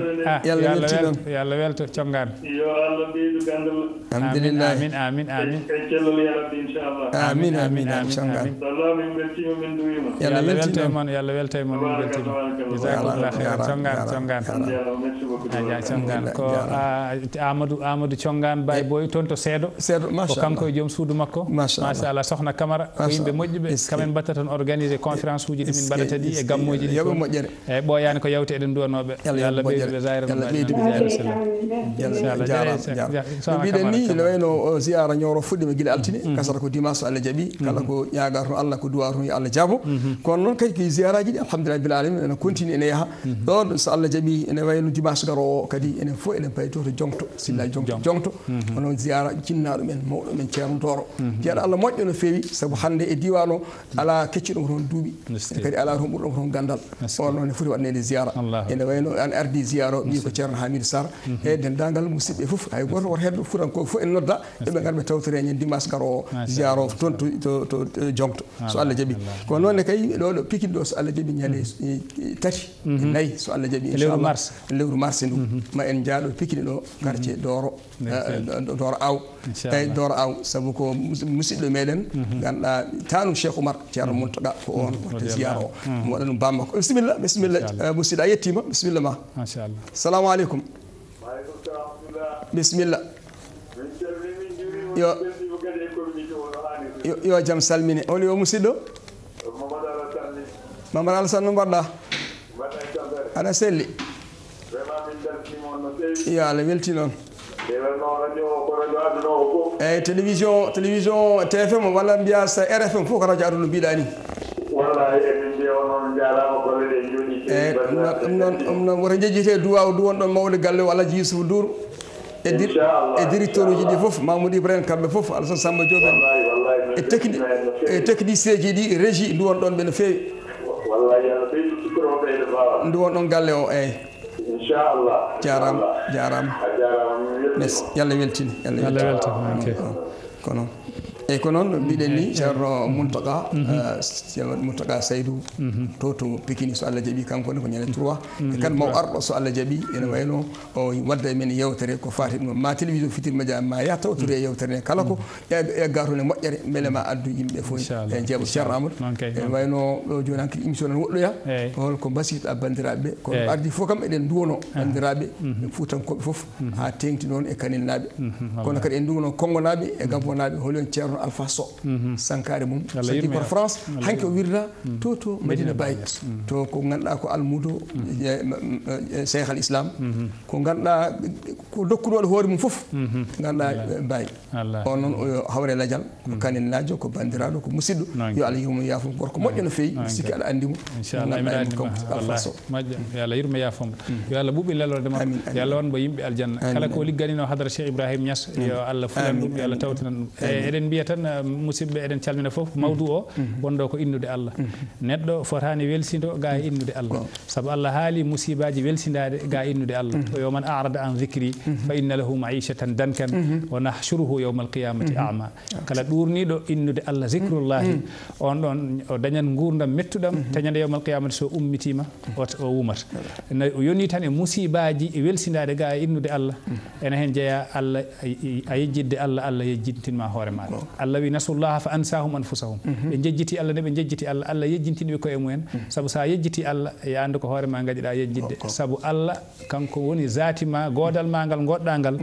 weltinon yallah welta coggano yo allah ɓeydu gandalhamdulillahmin amin amin e cellal yarabe inchallah amin amin amin coggan allah min beltima min duwima yallah welta e moon yallah welta e moon min beltima jasakumllah heir coggan coggan aja coggan ko ah, amadou amadou coggan bay eh, boy toon to seedo seedo mahko kanko e joom suudu makko machallah sohna camara ko yimɓe moƴƴuɓe kamen mbatta tan organisé conférence uji ɗi min mbaɗata ɗi e gammoji ɗiyoɓe e moƴƴere eyi eh, ɓoyani ko yewte eɗen duwanoɓe allah ɓeydiɓeɓeydiɓeno mbiɗen ni ne wayno ziara ñoro fuɗɗima guila altine mm-hmm. kasata ko dimas allah jaaɓi mm-hmm. kala ko ñagar tun allah ko duwar tun yo allah jaabo mm-hmm. kono noon kadi ko ziara ji ɗi alhamdulillah bil alamin ene continue ene yaaha ɗon so allah jaaɓi ene wayno dimas garo o kadi enen foof eɗen payi to to jonto sillaji jonto jonto hono ziara jinna ɗumen mawɗo men ceernotoro jeeɗa allah moƴƴo no fewi saabu hande e diwan o ala kecci ɗum ko toon duuɓi kadi ala toon ɓurɗo ko toon gandal on noon ne foti waɗnede ziara ziyara ene wayno an ardi ziyara o ɓi ko ceerno hamidou sar mhm. eyyi dendagal musidɓe foof hay goto woto hedde fuuranko foof en nodda yoɓe garɓe tawtoreñen dimas gar o ziyara o toon to jongto so allah jaaɓi ko noonne kay ɗo ɗo pikiɗɗo so allah jaaɓi ñande mhm. e, e tati e mhm. nayyi so allah jaaɓi inchallah lewru mars ndu ma en jaaɗo pikiɗɗo quartier dooro dooro aw tawi doro aw saabu ko musidɗo meɗen mhm. ganduɗa tanum cheikh oumar ceerno mhm. montaga ko on mhm. watta ziyara o mi waɗa ɗum bammakko bisimilla bisimilla eh, musidɗo a yettima bisimilla ma machallah assalamu aleykum bisimilla yo yo jaam salmini oli o musidɗo mamadou alassane e no mbaɗɗa aɗa selli yo allah welti noon eyi télévision télévision tfm walla mbiya sa rfm fof ko radio aduna mbiɗa ni eyi e ɗum noon ɗum noon woto jejjite duwaw du won ɗon mawde galle o alaji yusuf dour e, e directeur uji ɗi foof mamoudo ibrahima kamɓe foof alasan samba joɓen e tekni e technicien ji ɗi e régie nduwon ɗon ɓe no fewi nduwon ɗon galle o eyi inchallah jaram jaram yalla weltin yalla weltin kono eyyi ko noon mbiɗen mm-hmm. ni ceerno moultaka mm-hmm. ceerno uh, moultaka mm-hmm. saydou to to pikini so allah jaaɓi ne ko ñande trois e kadi maw arɗo so allah jaaɓi ene wayno o wadda e men yewtere ko fati ɗum ma télévision fitir média ma ya tori e yewtere nde kala ko e gatone e moƴƴere beele ma addu yimɓe fof e jeeɓo ceerno amadou ene wayno ɗo joni hankkadi émission nan woɗɗoya holko basiyta bandiraɓeɓe kono ardi fof kam eɗen duwono bandiraɓe ah. fuutankoɓe foof ha tengti noon e kanel naɓe kono kadi en duwono kongonaɓe e gamponaɓe holyon ceerno président alpha so mhm. sankare mum sodi par france hanke o wirda to to madina bayit mhm. to ko ganduɗa ko almudo mhm. e, e, cheikh al islam ko ganduɗa ko dokkuɗoɗo hoore mum foof ganduɗa e, bayi o noon o hawre ladial ko kanel najo ko bandiraɗo ko musidɗo yo allah yimu yafum gorko moƴƴo no fewi sikki aɗa andimo ɓuɓɓilelordemoyo allah wonmo yimɓe aljanna kala ko ligganino hadara cheikh ibrahima ñas yo allah fulan ɗum yo allah tawtinan eɗen mbiya tan eh, musidɓe eɗen calmina foof mm-hmm. mawdou o mm-hmm. wonɗo ko innude allah mm-hmm. neɗɗo fotani welsido ga e innude allah saabu allah haali musibaji welsidade ga innude allah yoman arada an hicri fa inna lahu maicatan dankan wa nahsuruhu yawma alqiyamati ama kala ɗurniɗo innude allah zicrullahi on ɗon o dañat gurdam mettuɗam teñande yawma alqiyamati so ummitima oto wumata nayi o yoni tan e musibaji e welsidade ga e innude allah ene hen jeeya allah a yejjidde allah allah yejjintinma hoore maɗa allah wi nasullaha fa ansahum anfusahum mhm. ɓe jejjiti allah nde ɓe jejjiti allah allah ɓe koye mumen mm. saabu sa yejjiti allah e ya andu ko hoore ma gaɗiɗa yejjidde saabu allah kanko woni zati ma godal ma ngal goɗɗa ngal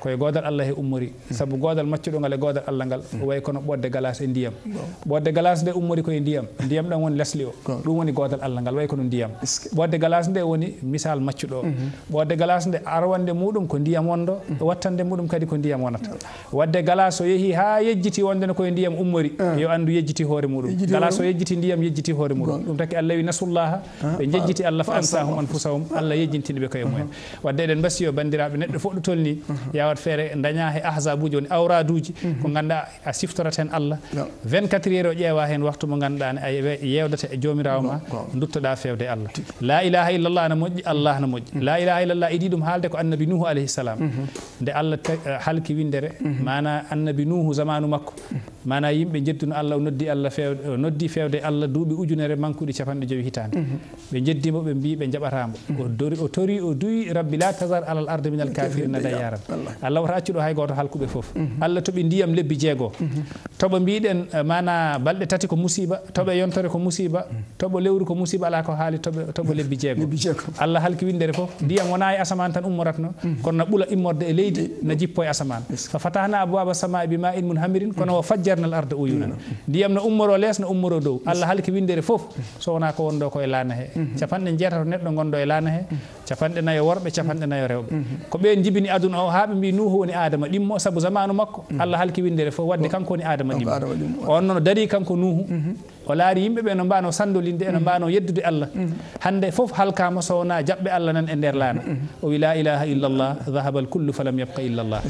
koye godal allah he ummori mm. saabu godal maccuɗo ngal e godal allah ngal mm. way kono ɓodde galas e ndiyam ɓodde galas nde ummori koye ndiyam ndiyam ɗan woni lesli o ɗum woni godal allah ngal way kono ndiyam ɓodde galas nde woni misal maccuɗo o mhm. ɓodde galas nde arwande muɗum ko ndiyam wondo wattande muɗum kadi ko ndiyam wonata wadde galas o yeehi ha yejji يجتي وندن كو ينديام عمري يو اندو يجتي هوري مودو غلا سو يجتي نديام يجتي هوري مودو دوم تاكي الله ينس الله بنججتي الله فانساهم انفسهم الله يجنتي نبي كيو مو وددن باسيو بانديراب ند فو دو تولني يا وات فير دانيا هي احزاب جون اورادوجي كو غاندا سيفتراتن الله 24 يرو جيوا هين وقتو مو غاندا اي يودات جوميراو ما دوتدا فيو دي الله لا اله الا الله نموج الله نموج لا اله الا الله ايديدوم حالده كو النبي نوح عليه السلام دي الله حالكي ويندره معنا النبي نوح زمانو makko mana yimbe jedduno allah noddi allah fewde noddi fewde allah duubi ujunere mankuɗi capanɗe joyi hitande ɓe jeddimo be bi be jaɓatamo o dori o tori o duyi rabbi la tazar ala al ard min al kafir na dayaran allah wata accuɗo hay goto halkube fof allah tobi ndiyam lebbi jeegoo toɓo mbiɗen mana balde tati ko musiba toɓo yontore ko musiba toɓo lewru ko musiba ala ko hali haali toɓo lebbi jeego allah halki windere fof ndiyam wona e asamane tan ummoratno kono no ɓuula immorde e leydi na jippo e asamane fa fatahna abwaaba sama e bima in ɗin kono o fajjarna l arde uyuna ndiyam no ummoro lees no ummoro dow allah halki windere fof so wona ko wonɗo koye laana he capanɗe jeetato neɗɗo gonɗo e laana he capanɗe nayo worɓe capanɗe nayo rewɓe ko ɓen jibini aduna o ha ɓe mbi nuhu woni adama ɗimmo saabu zamanu makko mm-hmm. allah halki windere fof wadde kanko woni adama ɗimmo on noon o dari kanko nuhu mm-hmm. o laari yimɓe ɓe no mbano sandolinde eno mbano yeddude allah mm. hande foof halkama sowona jaɓɓe allah nan e nder laana mm. o wi la ilaha illallah dahaba al kullu falam yabqa illallah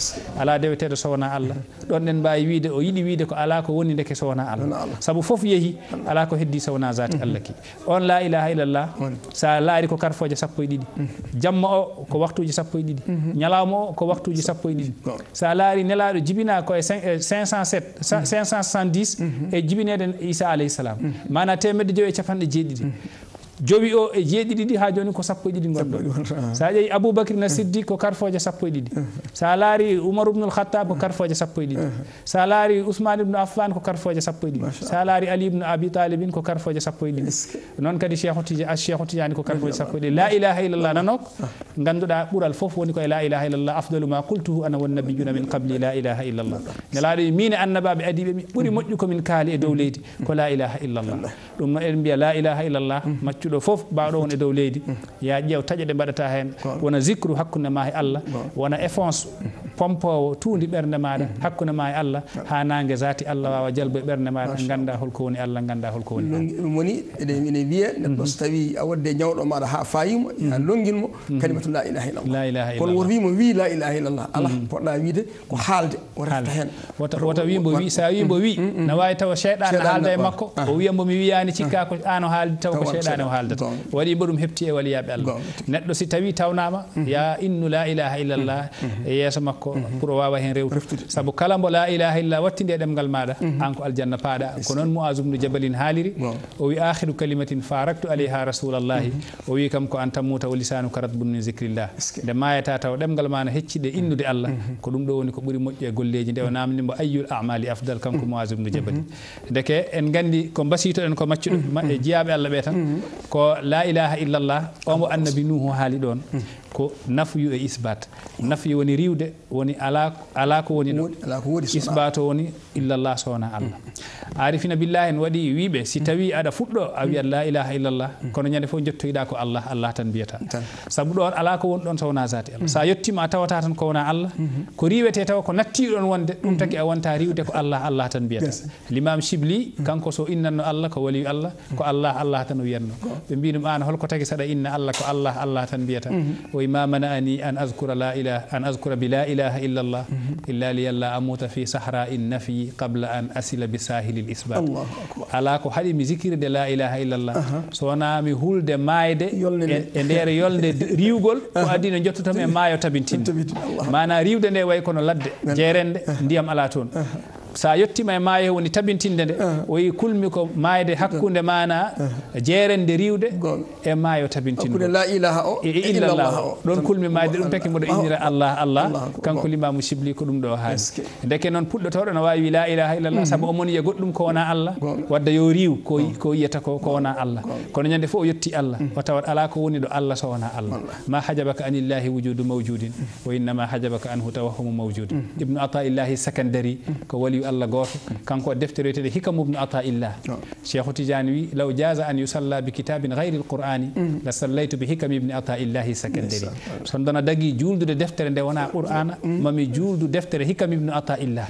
ala deweteɗo sowona allah ɗon en mbawi wiide o yiiɗi wiide ko ala ko woni deke sowona allah saabu foof yeehi ala ko heddi sowona zati mm. allah ki on la ilaha illallah sa laari ko karfoje sappo e ɗiɗi jamma o ko waktuji sappo e ɗiɗi mm-hmm. ñalawma o ko waktuji sappo e ɗiɗi sa laari nelaɗo jibina ko e 5 57 5 70 e, mm-hmm. mm-hmm. e jibinede isa alayhi salam salam mana temedde joyi e capanɗe jeeɗiɗi jowi o e jeeɗiɗi ɗi ha joni ko sappo e ɗiɗi gonɗo sa ƴeewi aboubacry na siddi ko carfoje sappo e ɗiɗi sa laari oumar ubnul khatab ko carfoje sappo e ɗiɗi sa laari ousmane ibnu affan ko carfoje sappo e ɗiɗi sa laari ali ibnu abi talibin ko carfoje sappo e ɗiɗi noon kadi cheikhu cheikhu tidiani ko carfoje sappo e ɗiɗi la ilaha illallah nanoko ganduɗa ɓuural foof woni koye la ilaha illallah afdalu ma qultuhu ana wannabiyuna min qabli la ilaha illallah nelaɗo min e annabaɓe adiɓe mi ɓuuri moƴƴu komin kaali e dow leydi ko la ilaha illallah ɗum noon eɗen mbiya la ilaha illallah ɗo foof mbawɗo won e dow leydi ya ƴeew taƴe ɗe mbaɗata hen wona zicru hakkunde ma e allah wona effonce pompowo tuundi ɓernde maɗa mm-hmm. hakkunde ma e allah ha nangue zati allah wawa jalbo e ɓernde maɗa ganda holko woni allah ganda holko woni ɗum woni ene wiye neɗɗo so mm-hmm. tawi a wadde ñawɗo maɗa ha fayimo mm-hmm. a longuinmo kalimatu la ilaha illallah kono woto wimo wi la ilaha illallah ala poɗɗa wiide ko haalde o refta hen woto wimbo wi sa wimbo wi ne wawi tawa cheyɗan ne haalda e makko ah. o wiyambo mi wiyani cikka ah. ko an o haaldi taw ko cheyɗan o haaldata waɗi boɗum hepti e waliyaɓe allah neɗɗo si tawi tawnama mm-hmm. ya innu la ilaha illallah mm-hmm. e yeeso makko mm-hmm. pour o wawa hen rewtu saabu kala mbo la ilaha illah watti nde ɗemgal maɗa an ko aljanna paaɗa ko noon moas ubnu jabalin haaliri o wi akhiru kalimatin faraktu aleyha rasulallahi o wi kam ko an tammuta o lisanu karat bun min zicrillah nde mayata taw ɗemgal ma no hecciɗe innude allah ko ɗum ɗo woni ko ɓuuri moƴƴu e golleji nde o namdi mbo ayyul amali afdal kanko moas jabalin jabali deke en gandi ko basitoɗen ko maccuɗo e jiyaɓe allah ɓe tan ko la ilaha illallah omo annabi nuhu haali ɗon ko nafyu e isbat nafyu woni riwde woni ala ala ko woni isbat o woni illallah sowona allah arifina billahi en waɗi wiɓe si tawi aɗa fuɗɗo a wiyat la ilaha illallah kono ñande fof jettoyiɗa ko allah allah tan mbiyata saabu ɗon ala ko woni ɗon sowna zati allah sa yettima a tawata tan ko wona allah ko riwete tawa ko nattiɗon wonde ɗum taki a wonta riwde ko allah allah tan mbiyata l'imam chibli kanko so innanno allah ko wali allah ko allah allah tan o wiyatno ɓe mbi ɗum an holko tagui saɗa inna allah ko allah allah tan mbiyata o wi ma manaani an ascura la ilah an ascura bi la ilaha mhm. illa llah illa li allah amuta fi sahra in nafyi qable an asila bi sahili l isbat ala ko haɗi mi jikirde la ilaha illa llah so wonami hulde maayde e, e ndeere yolde riwgol ko adi no jottotam e maayo tabintin mana riwde nde way kono ladde jeerende ndiyam ala toon so a yettima e maayo he woni tabintinde nde o eh. wi kulmi ko maayde eh. hakkude mana eh. jeerende riwde e maayo tabintinde la ilaha o e, e illallah o ɗon kulmi maayde ɗum peki mboɗo innira allah allah kanko limamu sibli ko ɗum ɗo haali ndeke noon puɗɗotoɗo no wawi wi la ilaha illallah mm. saabu omoni ya goɗɗum ko wona allah wadde yo riw koko yiyata ko ko wona allah kono ñande fo o yetti allah mm. o tawat ala ko woni ɗo allah so wona allah ma hajabaka anillahi wujudu mawjudin wa innama hajabaka anhu tawahumu mawjudin mm. ibnu ataillahi secondary ko waliu allah gooto kanko defteretede hikamubnu ata illah cheikhu tidiane wi law jaasa an yusalla bi kitabin gayri lqur'ani mm. la sallaytu bi hikam ibni ata illahi sakendéri so dona dagui juuldude deftere nde wona qur'an mm. mami juuldu deftere hikam ibnu ata illah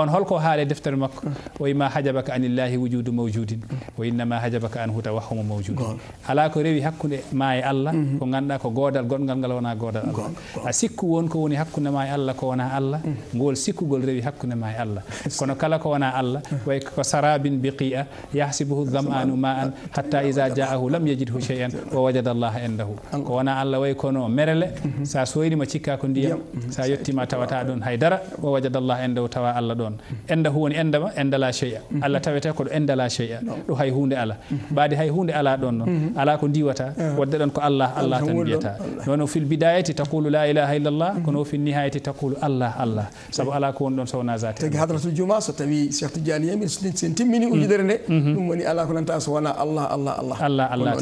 on holko haale deftere makko o mm. yima hajabaka an illahi wujudu mawjudin o innama hajabaka an huta wahhumu mawjudin ala ko rewi hakkude ma e allah mm-hmm. ko ganduɗa ko godal goɗgal ngal wona godal allah a sikku won ko woni hakkude ma e allah ko wona allah ngol sikkugol rewi hakkude ma e allah كنا كلا كونا الله ويك سراب بقيئة يحسبه الظمآن ماء حتى إذا جاءه لم يجده شيئا ووجد الله عنده كونا الله ويكون مرل ساسويري ما تشيكا كنديا سيتي ما توتا دون هيدرا ووجد الله عنده توا الله دون عنده هو عندما عند لا شيء الله تبتا كل عند لا شيء لو هاي هون الله بعد هاي هون الله دون الله كنديا وتا ودرن كو الله الله تنبيتا لأنه في البداية تقول لا إله إلا الله كنو في النهاية تقول الله الله سبب الله كون دون سونا ذاته to juma so tawi cheikh tidiane yami sen timmini ujudere nde ɗum woni ala ko nanta so wona allah allah allah allah allah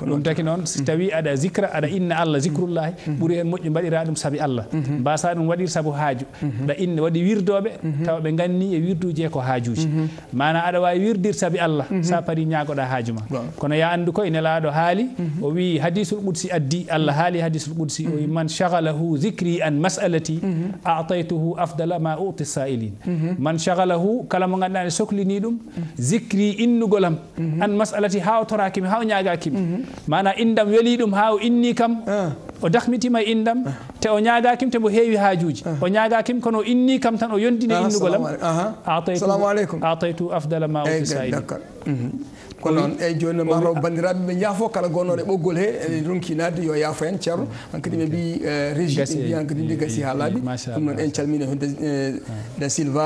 ɗum taki noon so tawi aɗa zicra aɗa inna allah zicrullahi ɓuuri hen moƴƴo mbaɗira ɗum saabi allah mbasa ɗum waɗir saabu haaju aɗa inna waɗi wirdoɓe tawa ɓe ganni e wirduji ko haajuji mana aɗa wawi wirdir saabi allah sa pari ñagoɗa haaju ma kono ya andu koye nelaɗo haali o wi hadisul qudsi addi allah haali hadisul qudsi o wi man chagalahu zicri an masalati ataytuhu afdala ma uti sailin من شغله كلام عندنا سكل نيدم ذكري إنو قلم أن مسألة هاو تراكم هاو نياجاكم ما أنا إندم يليدم هاو إني كم ودخ متي ما إندم تأو تبو هي هاجوج ونياجاكم كنو إني كم تنو يندي إنو قلم السلام عليكم أعطيت أفضل ما أوصي سعيد kono noon eyyi joni ma raw bandiraɓe ɓe jaafo kala gonnoɗo e ɓoggol he ene ronkinadde yo yaafo hen ceerno hankkadi ɓe mbi régie ɓe mbi hankkadi gasi ha ɗum noon en calmini da silva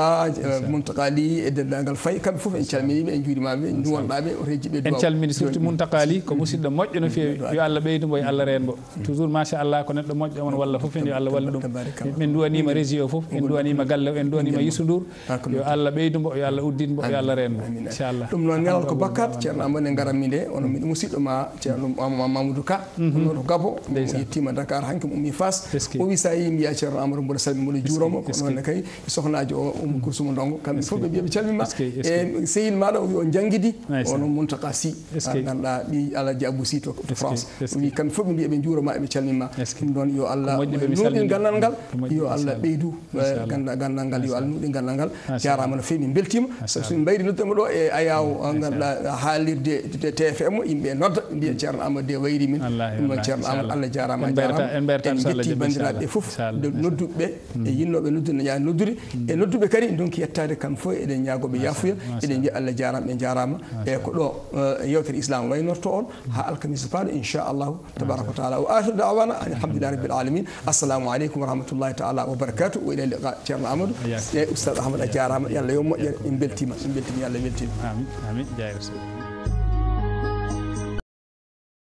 muntakali e dendagal fayi kamɓe foof en calminiɓe en juurimaɓe en duwonɗaɓe otoji ɓe en calmini surtout muntakali ko musidɗo moƴƴo no feewi yo allah ɓeydumbo e allah renbo toujours machallah ko neɗɗo moƴƴo on walla foof en yo allah walli ɗum min duwanima régie o foof en duwanima galle o en duwanima youssou yo allah ɓeydumbo yo allah uddinbo yo allah renbo inchallah ɗum noon nelal ko bakkat ceerno amadou en garan min nde ono miɗo hmm. musidɗo ma ceerno mamadou ka hmm. onoɗo gabo mo yettima dakar hanke mo ummi fas o wi sa yi mi yiya ceerno amadou mboɗo salmi mboɗo juuromo ko noonne kay sohnaji o omo kursumo ndongo kamɓe fof ɓe mbiya ɓe calmima e sehil maɗa o on jangguidi ono montaka si ganduɗa di alaji abou si to france o wi kamɓe bi ɓe mbiya ɓe juuroma eɓe calmima ɗum ɗon yo allah nuɗin gandal ngal yo allah ɓeydu gandal ngal yo allah nuɗin gandal ngal jarama no fewi min beltima so min mbayri noddema ɗo e ayaw ganduɗa haalirde de tfm yimɓe nodda mbiya ceerno amadou de wayri min ɗum noon ceerno amadou allah jarama jarama en jetti bandiraɓe fof nodduɓeɓe e yinnoɓe noddude no yaani noddude e nodduɓe kadi donki yettade kam fof eɗen ñaagoɓe yafuya eɗen mbiya allah jarama ɓe jarama e ko ɗo yewtere islam waynorto on ha alkamisa paɗo inchallahu tabaraka wa taala o akhiru dawana alhamdulillahi rabbil alamin assalamu aleykum wa rahmatullahi taala wa barakatuh o eɗen liqa ceerno amadou e oustade ahmad a jarama yo allah yo moƴƴere en beltima en beltima yo allah weltima amin amin jayr